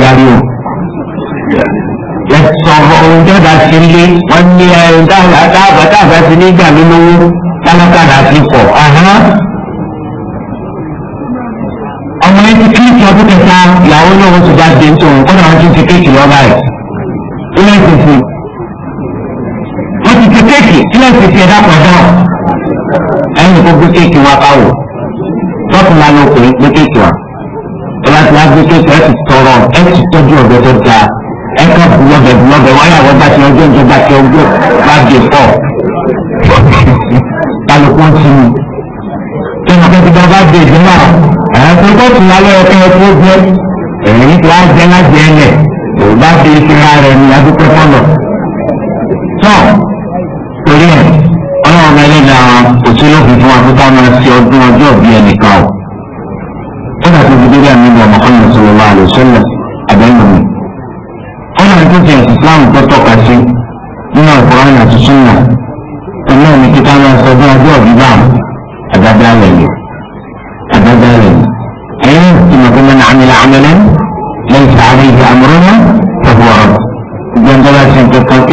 yarí o sọ̀rọ̀ ohun tó bá ti lé wọ́n ní ẹ̀rùn táàbà táàbà ti nígbà lólówó tálákàrà ti pọ̀ ọmọ ẹni kéèkì ọdún kẹta ìyàwó náà wọ́n ti bá dé tó òun kọ́nà wọ́n ti ti kéèkì lọ́ba rẹ̀ ilé ìfòfò wọ́n ti ti kéèkì ilé ìfòfò ẹ̀dá pàdá ẹ̀yìn kó gbé kéèkì wa káwò lọ́kùnrin lánàá ọkùnrin gbé kéèkì wa láti wá gbé kéka ẹ ti tọrọ ẹ ti tọ́jú ọ̀dọ́ tó ga ẹ ká bùlọ́bẹ̀ bùlọ́bẹ̀ wáyà wọ́n bá ti ọjọ́ ìjọba ti ọjọ́ bá gbé pọ̀ kálukú ń sinmi kí ni kí ni bá gbé ìdí náà ẹ̀ tó bọ́ sí alẹ́ ọkọ̀ ẹ̀kọ́ gbé èyí tó á jẹ́ láti ẹ̀lẹ̀ òun bá gbé ìfira rẹ̀ ní adúpẹ́ fọlọ̀ tó torí ẹ̀ ọlọ́run ẹlẹ́dàá kò sí lófin fún akókò ọmọ ẹ̀sìn ọdún ọjọ́ ìbí ẹnìkan o sallallahu alaihi wasallam àbẹ́yìn mi. ọ̀nà àtúntì ẹ̀sìn islam tó tọ́ka sí nínú Al-Qur'an àti sunna ẹ̀mọ́ ní kíkà máa sọ bí ọjọ́ òbí bá àdáda lẹ̀lẹ̀ àdáda lẹ̀lẹ̀. ẹ̀yìn ìmọ̀kọ́ mẹ́ta amila amalan laysa alayhi amruna fahuwa rad. gbẹ̀ngàn láti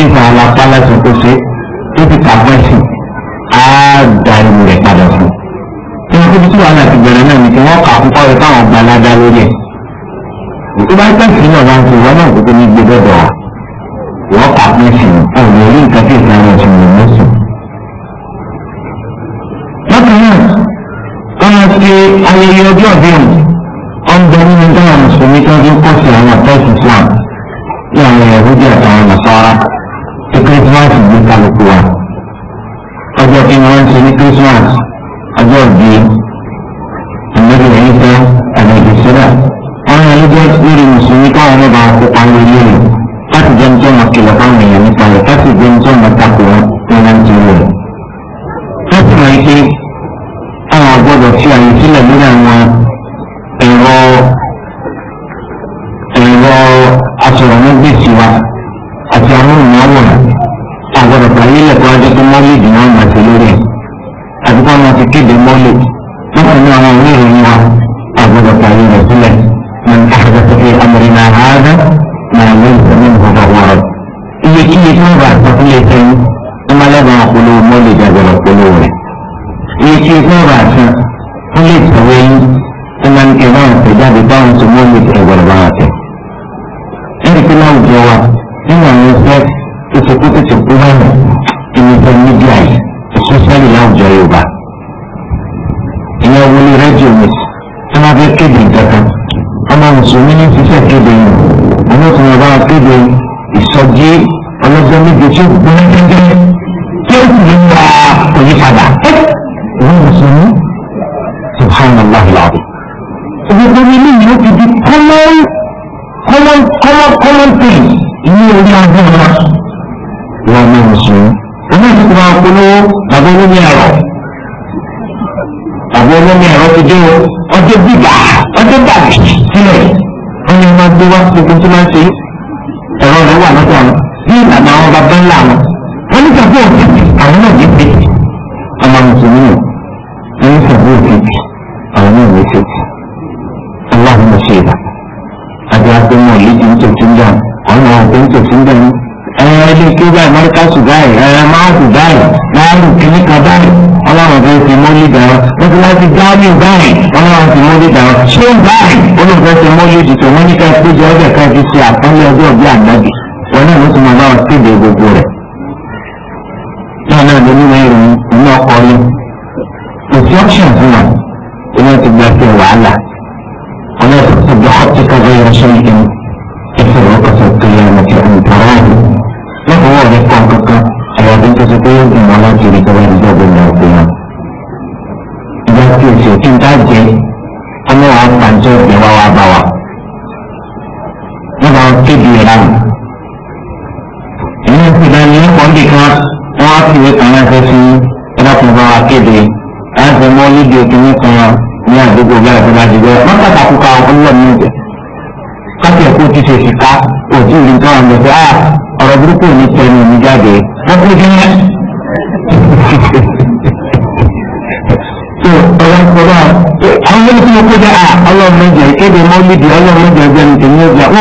ìfà alápá láti kó ṣe உணர்த்தி இனி ஒளியாக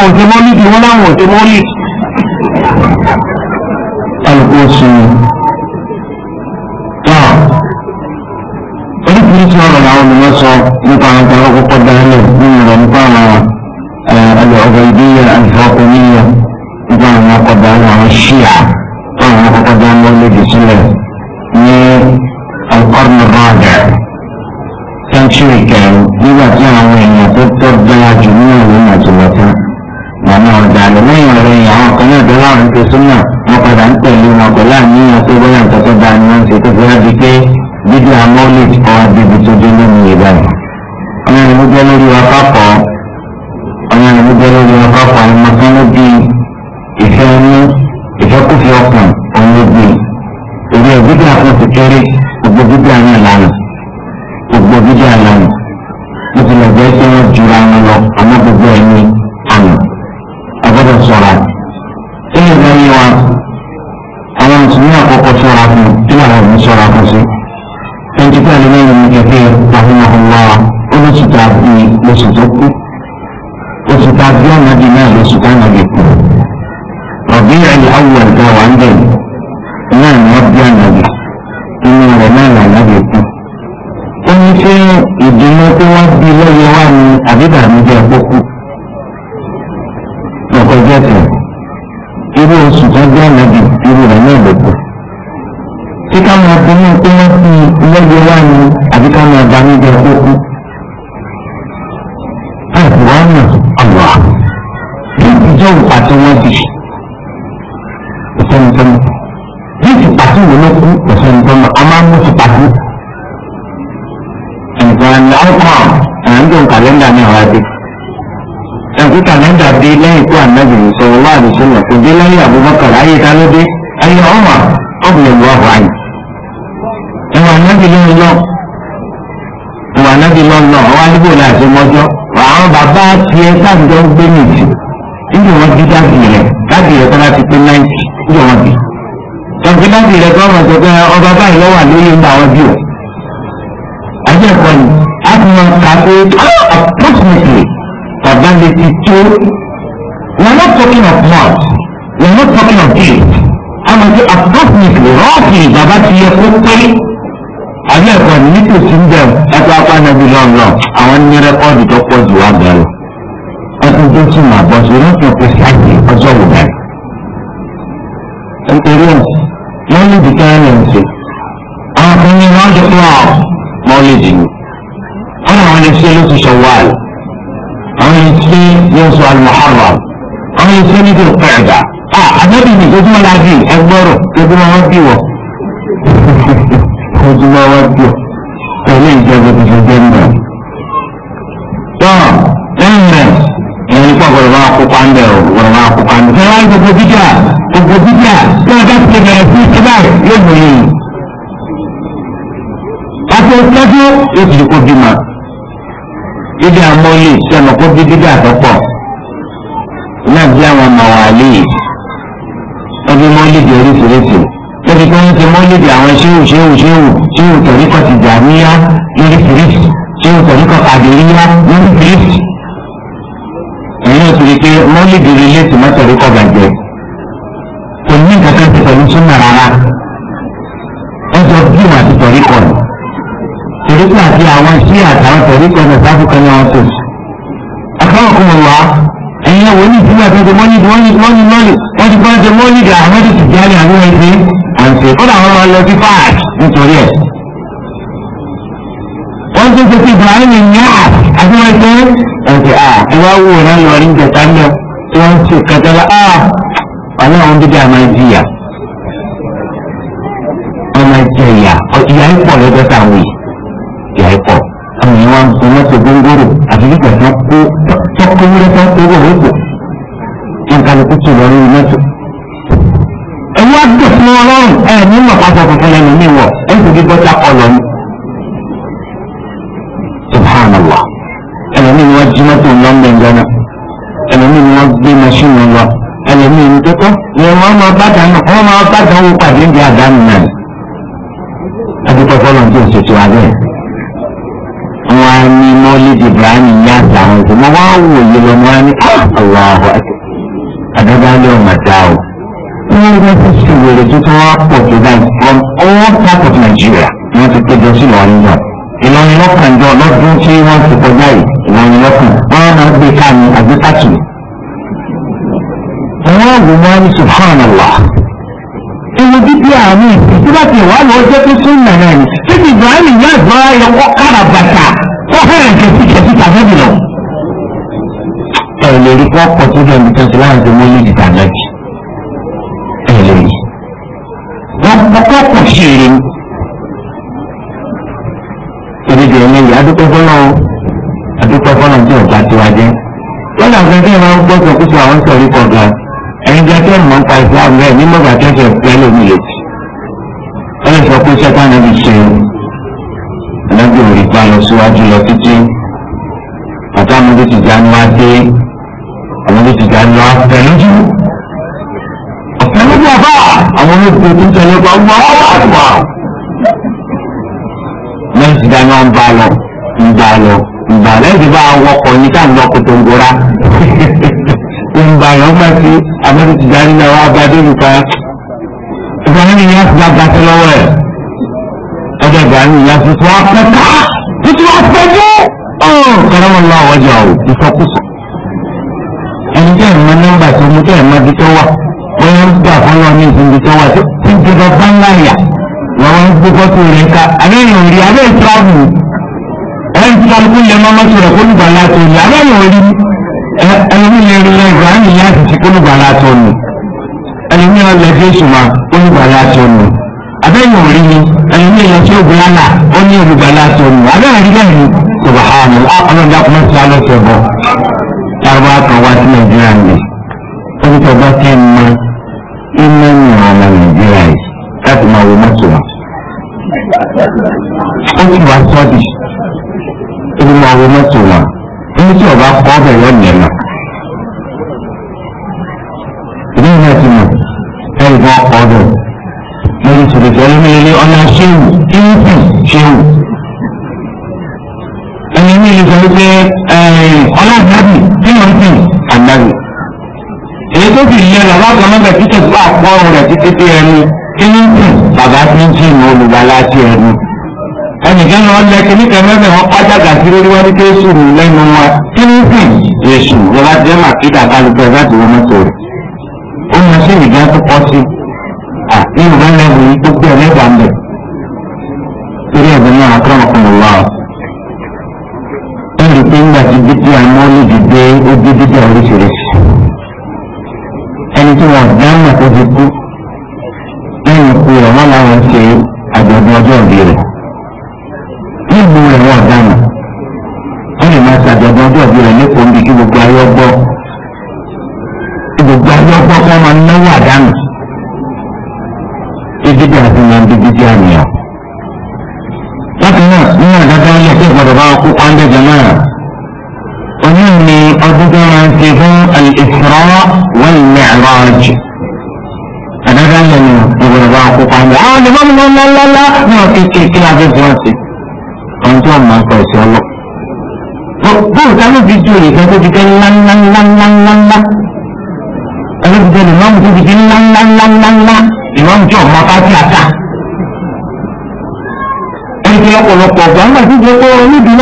láwọn òṣè mọ́lìdì wọ́n láwọn òṣè de la o ṣéwù ṣéwù ṣéwù tẹ̀ríkọ̀ tìjàníyá lóríṣiríṣi ṣéwù tẹ̀ríkọ̀ àdéríyá lóríṣiríṣi. ẹ̀yin òsì rí pé wọ́n lè dèrè léètì mọ́ tẹ̀ríkọ̀ bàjẹ́ kò ní nǹkan kan ti pẹ̀lú súnmọ́ rárá wọ́n sọ bíi àti tẹ̀ríkọ̀ tẹ̀ríkọ̀ àti àwọn sí àtàwọn tẹ̀ríkọ̀ ní sáfùkọ́ ní wọn tó. àkàwọ̀kùn wà ẹ̀yin àwọn oníṣ ń ṣe kódà wọn máa lọ sí fáàd nítorí ẹ̀. wọ́n tún ti fi Ibrahim ní à àti wọ́n ṣe ẹ̀ ṣe à ẹ wá wò náà lọ rí jẹ̀ta ń lọ tí wọ́n ń ṣe kẹtẹ́lá à wàlẹ́ àwọn dídí àmà jìyà ọmọ jẹ̀yà ìyá ìpọ̀ lọ́jọ́ táwọn yìí ìyá ìpọ̀ àwọn ìwà ń sọ mọ́tò gbóngbòrò àti nígbà tó kó tọ́kọ́ wúlé tó kó wọ̀ wípò nǹkan tó kù lọ́rùn mọ́tò. ẹ̀wọ́n fún ọlọ́run ẹ ní mọ̀ pásọ funfun lẹ́nu mi wọ̀ ẹ sì bí bọ́tà ọlọ́ mi. subhanallah ẹlẹ́mi ni wọ́n jí mọ́tò ń lọ ń gbẹ̀ngàn náà ẹlẹ́mi ni wọ́n gbé mọ́ṣínì lọ ẹlẹ́mi ni kẹ́kọ́ ni wọ́n máa bá dáná wọ́n máa bá dánwó pàdé bí àdánù náà. adúpẹ́ fọlọ́ ní oṣù tó wà bẹ́ẹ̀. wọn á ní mọ́lid ibrahim ní àtàwọn ọ̀sẹ̀ mọ́ wọn wòye lọ́mọ́ á ní àdábálẹ̀ ọ̀mà dáa o tí wọ́n lọ sí ṣòwòrè tó tó wá pọ̀ tó báyìí from all parts of Nigeria ni wọ́n ti péjọ sí Ìlọrin náà Ìlọrin lọ́kàn jọ lọ́dún tí wọ́n ti kọjá yìí Ìlọrin lọ́kàn wọ́n máa gbé ká ní àgbékàtì. wọ́n wò wọ́n ní subhanallah ewu dídí àárín ìtura ti wà lọ jẹ́ pé fún nàrà ẹ̀ títí Ibrahim yá ìgbọ́ra yọ wọ́n kára bàtà wọ́n fẹ́rẹ̀ kẹ̀sí kẹ̀sí tàbí bìlọ̀. ẹ̀ lè rí pọ́pọ̀ tó dẹ̀ nìkan sí láàrin tó mọ́ lè dìtà náà jì. ṣèrè ìdíje ọmọ yìí adúpẹ́ fọ́nà adúpẹ́ fọ́nà tí ọ̀gá tó wá jẹ́ lọ́nà àgbẹ̀ tí wọ́n gbọ́ sọ pé àwọn sọ̀rí kọ̀ọ̀gà ẹ̀yin jẹ́ tẹ́ mọ́ pa ìfẹ́ àgbẹ̀ nígbà bá tẹ́sẹ̀ pẹ́ lómi lòtì wọ́n lè sọ pé sẹ́kọ̀ ànábì ṣe ànábì òrì pa lọ síwájú lọ títí àtàwọn ọmọdé ti àbá àwọn olóògbé tó tẹ̀lé pa ọmọ àbá. lẹ́yìn tí dáná ń bá lọ ń bá lọ ń bá lẹ́yìn tí bá wọkọ̀ ní ká ń lọ kó tó ń gora. ìgbà yẹn wọ́n bá ti abẹ́rẹ́ ti darí náà wá bá débi pa. ìgbà yẹn ni yẹn ti bá gbàtẹ́ lọ́wọ́ ẹ̀. ọjọ́ ìgbà yẹn ni yẹn ti tún wá pẹ́ ká tuntun wá pẹ́ jù. kọ́lá wọn lọ àwọn ọjà ò ìfọkùsọ. ẹni tẹ́ ẹ̀ mọ nọ́mbà tó mú tẹ́ ẹ̀ mọ wọ́n ń gbà fọlọ́ ní ìsinmi tó wà tí ìjọba bá ń láyà lọ́wọ́ ń gbé fọ́tò rẹ̀ ká abẹ́yìn òrí abẹ́ ìtọ́ọ̀bù ẹ̀rọ ìtọ́ọ̀bù lè máa máa sọ̀rọ̀ kólùgbà látò ní abẹ́yìn òrí ẹlòmí lè rí lẹ́yìn ìgbà ní láti ti kólùgbà látò ní ẹlòmí ọlẹ́ fẹ́sùn máa kólùgbà látò ní abẹ́yìn òrí ni ẹlòmí ìyẹn tí ó gbé lánà ó ní olùgbà látò ní abẹ́yìn òrí lẹ́yìn ó sì wá sọ́ọ̀dì máa wo mọ́tò wa ẹni tí ọba kọ́ ọbẹ̀ yọ ní ẹ̀nà ilé ìwé ti mọ̀ ẹ̀rù bọ́ ọkọ̀ ọdọ̀ mo ti sọ̀rọ̀ sọ̀rọ̀ ní ilé ṣéwù kíńpì ṣéwù ẹni ní sọ wípé ọlọ́ọ̀dàbì tí wọ́n ń pè tó fi lé ọ̀rọ̀ bá kan mọ́bẹ̀ títẹ̀ bá àpọ̀ rẹ̀ títí tí ẹnu kíńpì bàbá tí ń jí ìmọ̀ olùgbàlá ti ẹ̀rù ẹnìkan lọ lẹ kìíní kan mẹ́fẹ̀ẹ́ wọn pàjágà sí lórí wọn ní kí èṣù mú lẹ́nu wọn kí ní sì èṣù lọ́la jẹ́ màkìdà kálukú ẹ̀ láti wọ́n mọ́tò rẹ̀ ó mọ sí ìgbà tó pọ̀ sí à nínú bá lẹ́nu yìí tó gbé ẹlẹ́gbàá mbẹ̀ torí ẹ̀bùn náà àkọ́rọ̀ ọkùnrin wà ó ẹnì pé ńgbà tí dídí àmọ́ lè dìde ó dé dídí oríṣiríṣi ẹni tí wọ́n dáná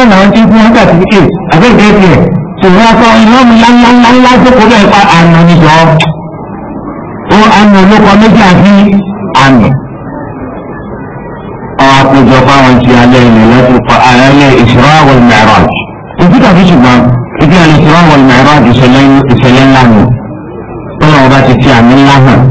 náà làwọn tí ń fún wọn certificate àbẹ́ẹ̀dẹ́ tiẹ̀ ṣùgbọ́n sọ iná mi ńláńláńlá jókòó bẹ́ẹ̀ pa àná níjọ́ ó àná olóko méjì àti àná àpéjọ fáwọn ti alẹ́ ilẹ̀ láti pa àlẹ́ Isra wal Mi'raj. Ojú tàbí ṣùgbọ́n ibi àlẹ́ Isra wal Mi'raj ìṣẹ̀lẹ̀ ńlá ni. Tọ́lá ọba ti fi àmì ńlá hàn.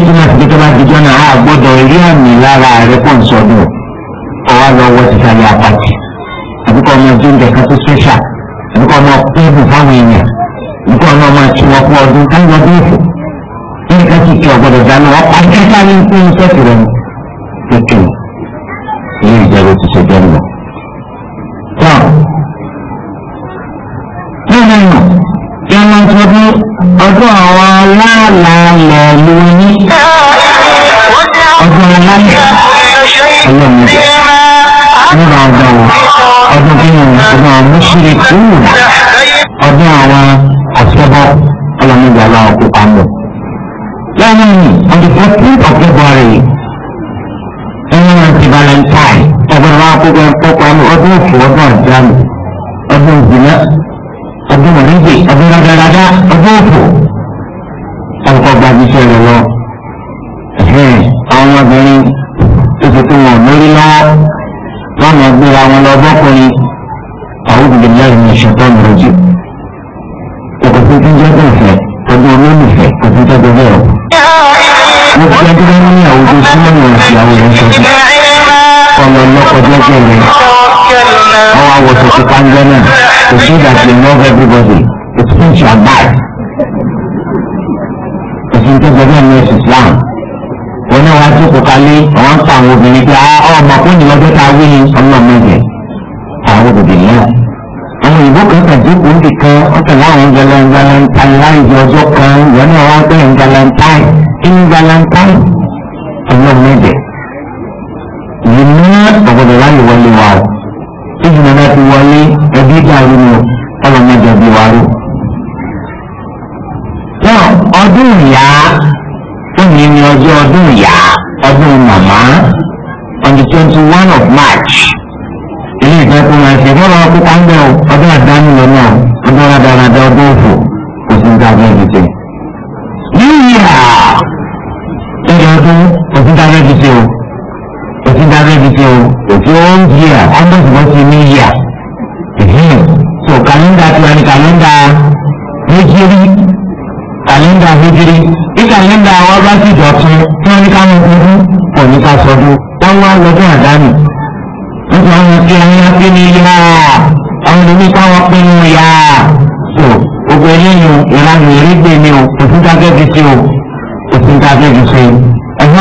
túmọ̀ sí pé tó bá dijọ́ náà á gbọ́dọ̀ rí àmì lára rẹ̀ pọ̀ nsọ́dún ọ̀wá lọ wọ ti sáré apáti àbíkọ́ ọmọ jíjẹ kan tó ṣẹ́ṣà àbíkọ́ ọmọ pẹ́ẹ́bù fáwọn èèyàn àbíkọ́ ọmọ ọmọ tí wọ́n kú ọdún káyọ̀ ọdún ìfò ní ká sì kí ọgbọ́dọ̀ dáná wọn pa kí sáré ń pín iṣẹ́ tirẹ̀ tuntun ilé ìjẹ́rọ ti ṣe jẹ́ nù. tán nínú ìyàwó tí wọ́n bí ọdún àwọn aláàlá lẹ̀ lóyún 嗯。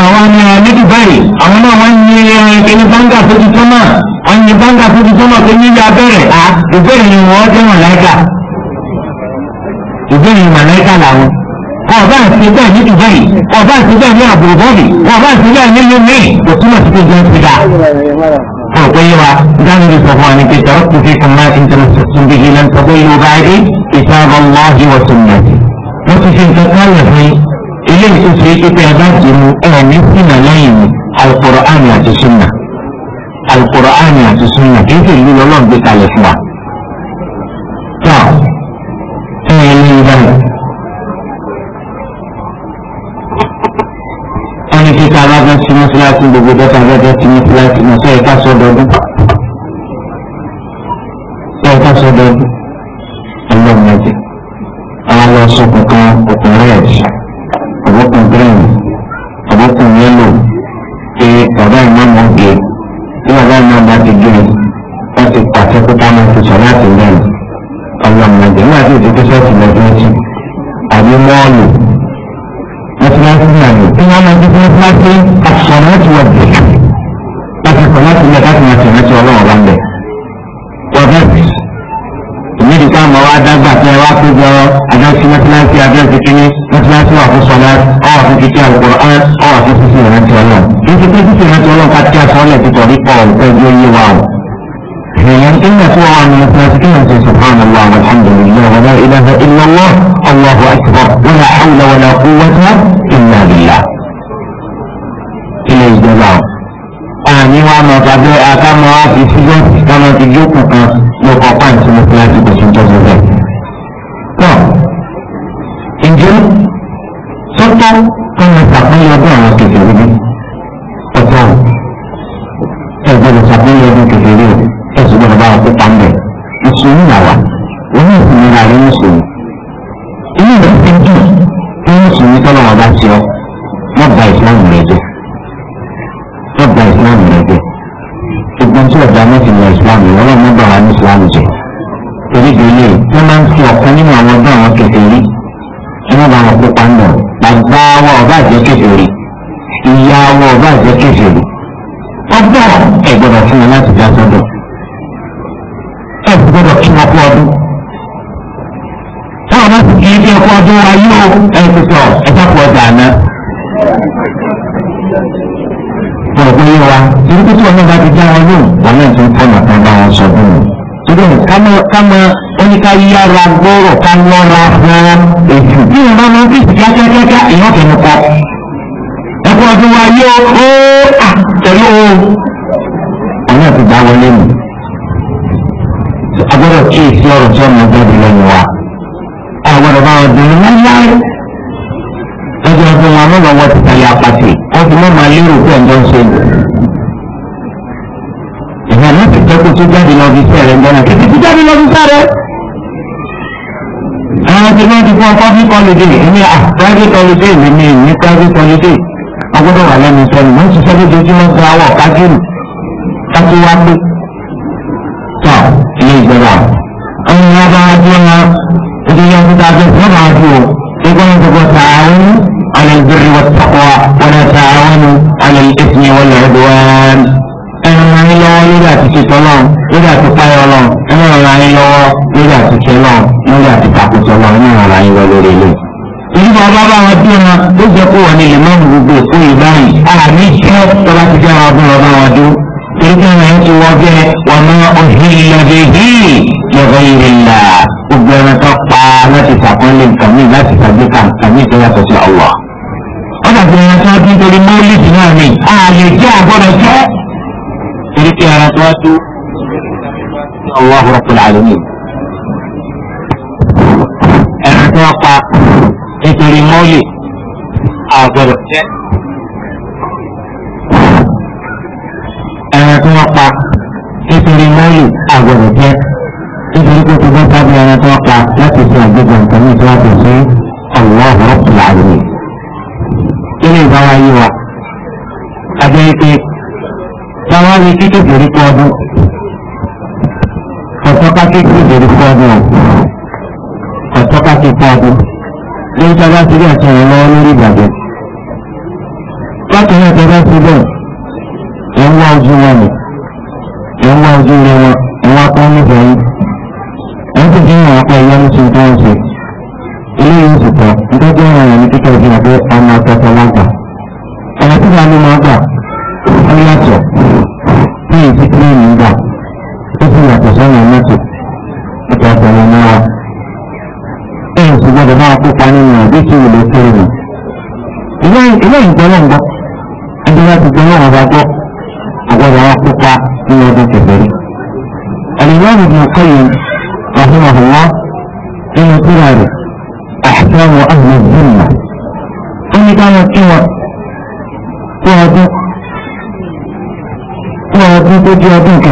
àwọn àwọn ní Dubai àwọn náà eh, wọ́n ní ẹni báńgà fojú tọ́mà àwọn ní báńgà fojú tọ́mà tó ní ilé abẹ́rẹ̀ à ìbéèrè ni wọ́n jẹ́ mọ̀láìkà ìbéèrè mọ̀láìkà làwọn ọba àti bẹ́ẹ̀ ní Dubai ọba àti bẹ́ẹ̀ ní àbúrúbọ́ọ̀lì ọba àti bẹ́ẹ̀ ní lómi kò túmọ̀ sí pé jẹ́ ń ti dà وقيرا ذنب ilé ìtò ṣe é pé abáàdì mu ẹ̀ẹ́mí sínà lẹ́yìn mi alukur'ani àti sunna alukur'ani àti sunna kì í sì lú lọ́lọ́ gbé kalẹ̀ fún wa. tó ẹ̀yìn ní ibà ẹni kíkà bá sinmi síláàtì gbogbo dọ́ta bá fẹ́ sinmi síláàtì mọ̀ sọ́yìn ká sọ́dọ̀ọ́dún. ẹ̀sùn sọ ẹ̀sàkùn ọjà àná. Ìjọba yé wa, ìlú tó tún ọ̀nà bá ti já wọn lò, wọn náà ti ń fọ́ màtá bá wọn sọ fún mi. Ṣùgbọ́n kámọ́ oníká yára gbọ́rọ̀ ká lọ́ra fún èsì. Bí ìyẹn bá máa ń fèsì kíákíákíá, ìyẹn ọ̀tẹ̀ mi Ẹ̀kọ́ ọdún wa yóò ó àtẹ̀lé o. Àwọn àti gbà wọlé mi. Agbọ́dọ̀ kí èsì ọ̀rọ̀ tí ọmọ ọgbẹ́ obìnrin láíláí ẹjọ́ fún wọn mọ́ lọ́wọ́ ti tàyà pàtì wọ́n ti mọ́ máa lérò pé ẹ̀jọ́ ń ṣe lò. ìyá náà ti jẹ́ kó tó jáde lọ bí sẹ́ rẹ̀ ń gbọ́nà kìkì tó jáde lọ bí sẹ́ rẹ̀. àwọn ti máa ti fún ọkọ fún kọ́lídé èmi à ah, private holiday mi ni èmi private holiday ọgbọ́dọ̀ wà lẹ́nu sọ́ni wọ́n ti sọ́ والعدوان ẹnu ra yín lọ́wọ́ nígbà tí títọ́ náà nígbà tí páyọ̀ náà ẹnu ra yín lọ́wọ́ nígbà tí tẹ náà nígbà tí takùtọ̀ náà ẹnu ra yín lọ lórí ilé. ìdíbò ọba bá wọn dé wọn ó jẹ kó wọn ní lè máa gbogbo òkú yìí báyìí àmì jẹ́ tọ́lá ti jẹ́ wọn ọdún ọba wọn dún. torí pé wọn ti wọ bẹ́ẹ̀ wọn máa ń hí yìí lọ́gọ́ yìí là gbogbo ẹran tó pa láti sàkọ́lé nǹkan mí láti sàgbé kàǹkà mí ìjọba tó ti ọ̀wọ́ bí nítorí mọ́lìdì náà ni a lè jẹ́ àgbọ̀dọ̀ jẹ́. torí kí ara tó wá tó Allahu Rabbul Alamin. ẹ̀rọ tó pa nítorí mọ́lì àgbọ̀dọ̀ jẹ́. ẹ̀rọ tó pa nítorí mọ́lì àgbọ̀dọ̀ jẹ́. nítorí pé kò bá sábẹ́ ẹ̀rọ tó pa láti fi àgbẹ̀gbẹ̀ nǹkan ní ìtura tó sí Allahu Rabbul Alamin lórí wọn àjẹ́ ike táwọn á rí kíkì ìbèrè fún ọdún ọ̀tọ́ká kíkì ìbèrè fún ọdún ọ̀tọ́ká kíkì ọdún ní sábà síbẹ̀ sọ̀rọ̀ lọ́wọ́ lórí ìgbàgbẹ́ látọ̀rọ̀ sábà síbẹ̀ ẹ̀ ń wá ojú wọn nù ẹ̀ ń wá ojú ilé wọn ẹ̀ wá pọ́n nífẹ̀ẹ́ yìí ẹ̀ ń sì fi hàn ọkọ̀ ìyá ní ṣe tó ń ṣe ilé yìí sì tọ̀ nítorí ọ̀rọ̀ yẹn ní kíkẹ́ ìfihàn ọmọ akẹ́kọ̀ọ́ lágbàá tí wàá ló máa gbà ó yàtọ̀ tí èyí tí kílíìnì gbà ó sì yàtọ̀ sọ́nà mọ́tò ìta ọ̀pọ̀lọ mọ́ra ẹ̀ sì gbọ́dọ̀ máa kópa nínú ọ̀dẹ́ tí ìlú kéré nù. ilé ìgbọ́lọ̀ ń gbọ́ ẹgbẹ́ láti gbọ́ náà wà gbọ́ àgbọ̀dọ̀ wọn kópa nínú ọdún kẹfẹ́ rí. àlejò àrùn ìdìbò kọ́ yẹn gonna Joe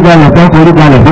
家里，刚回的家里。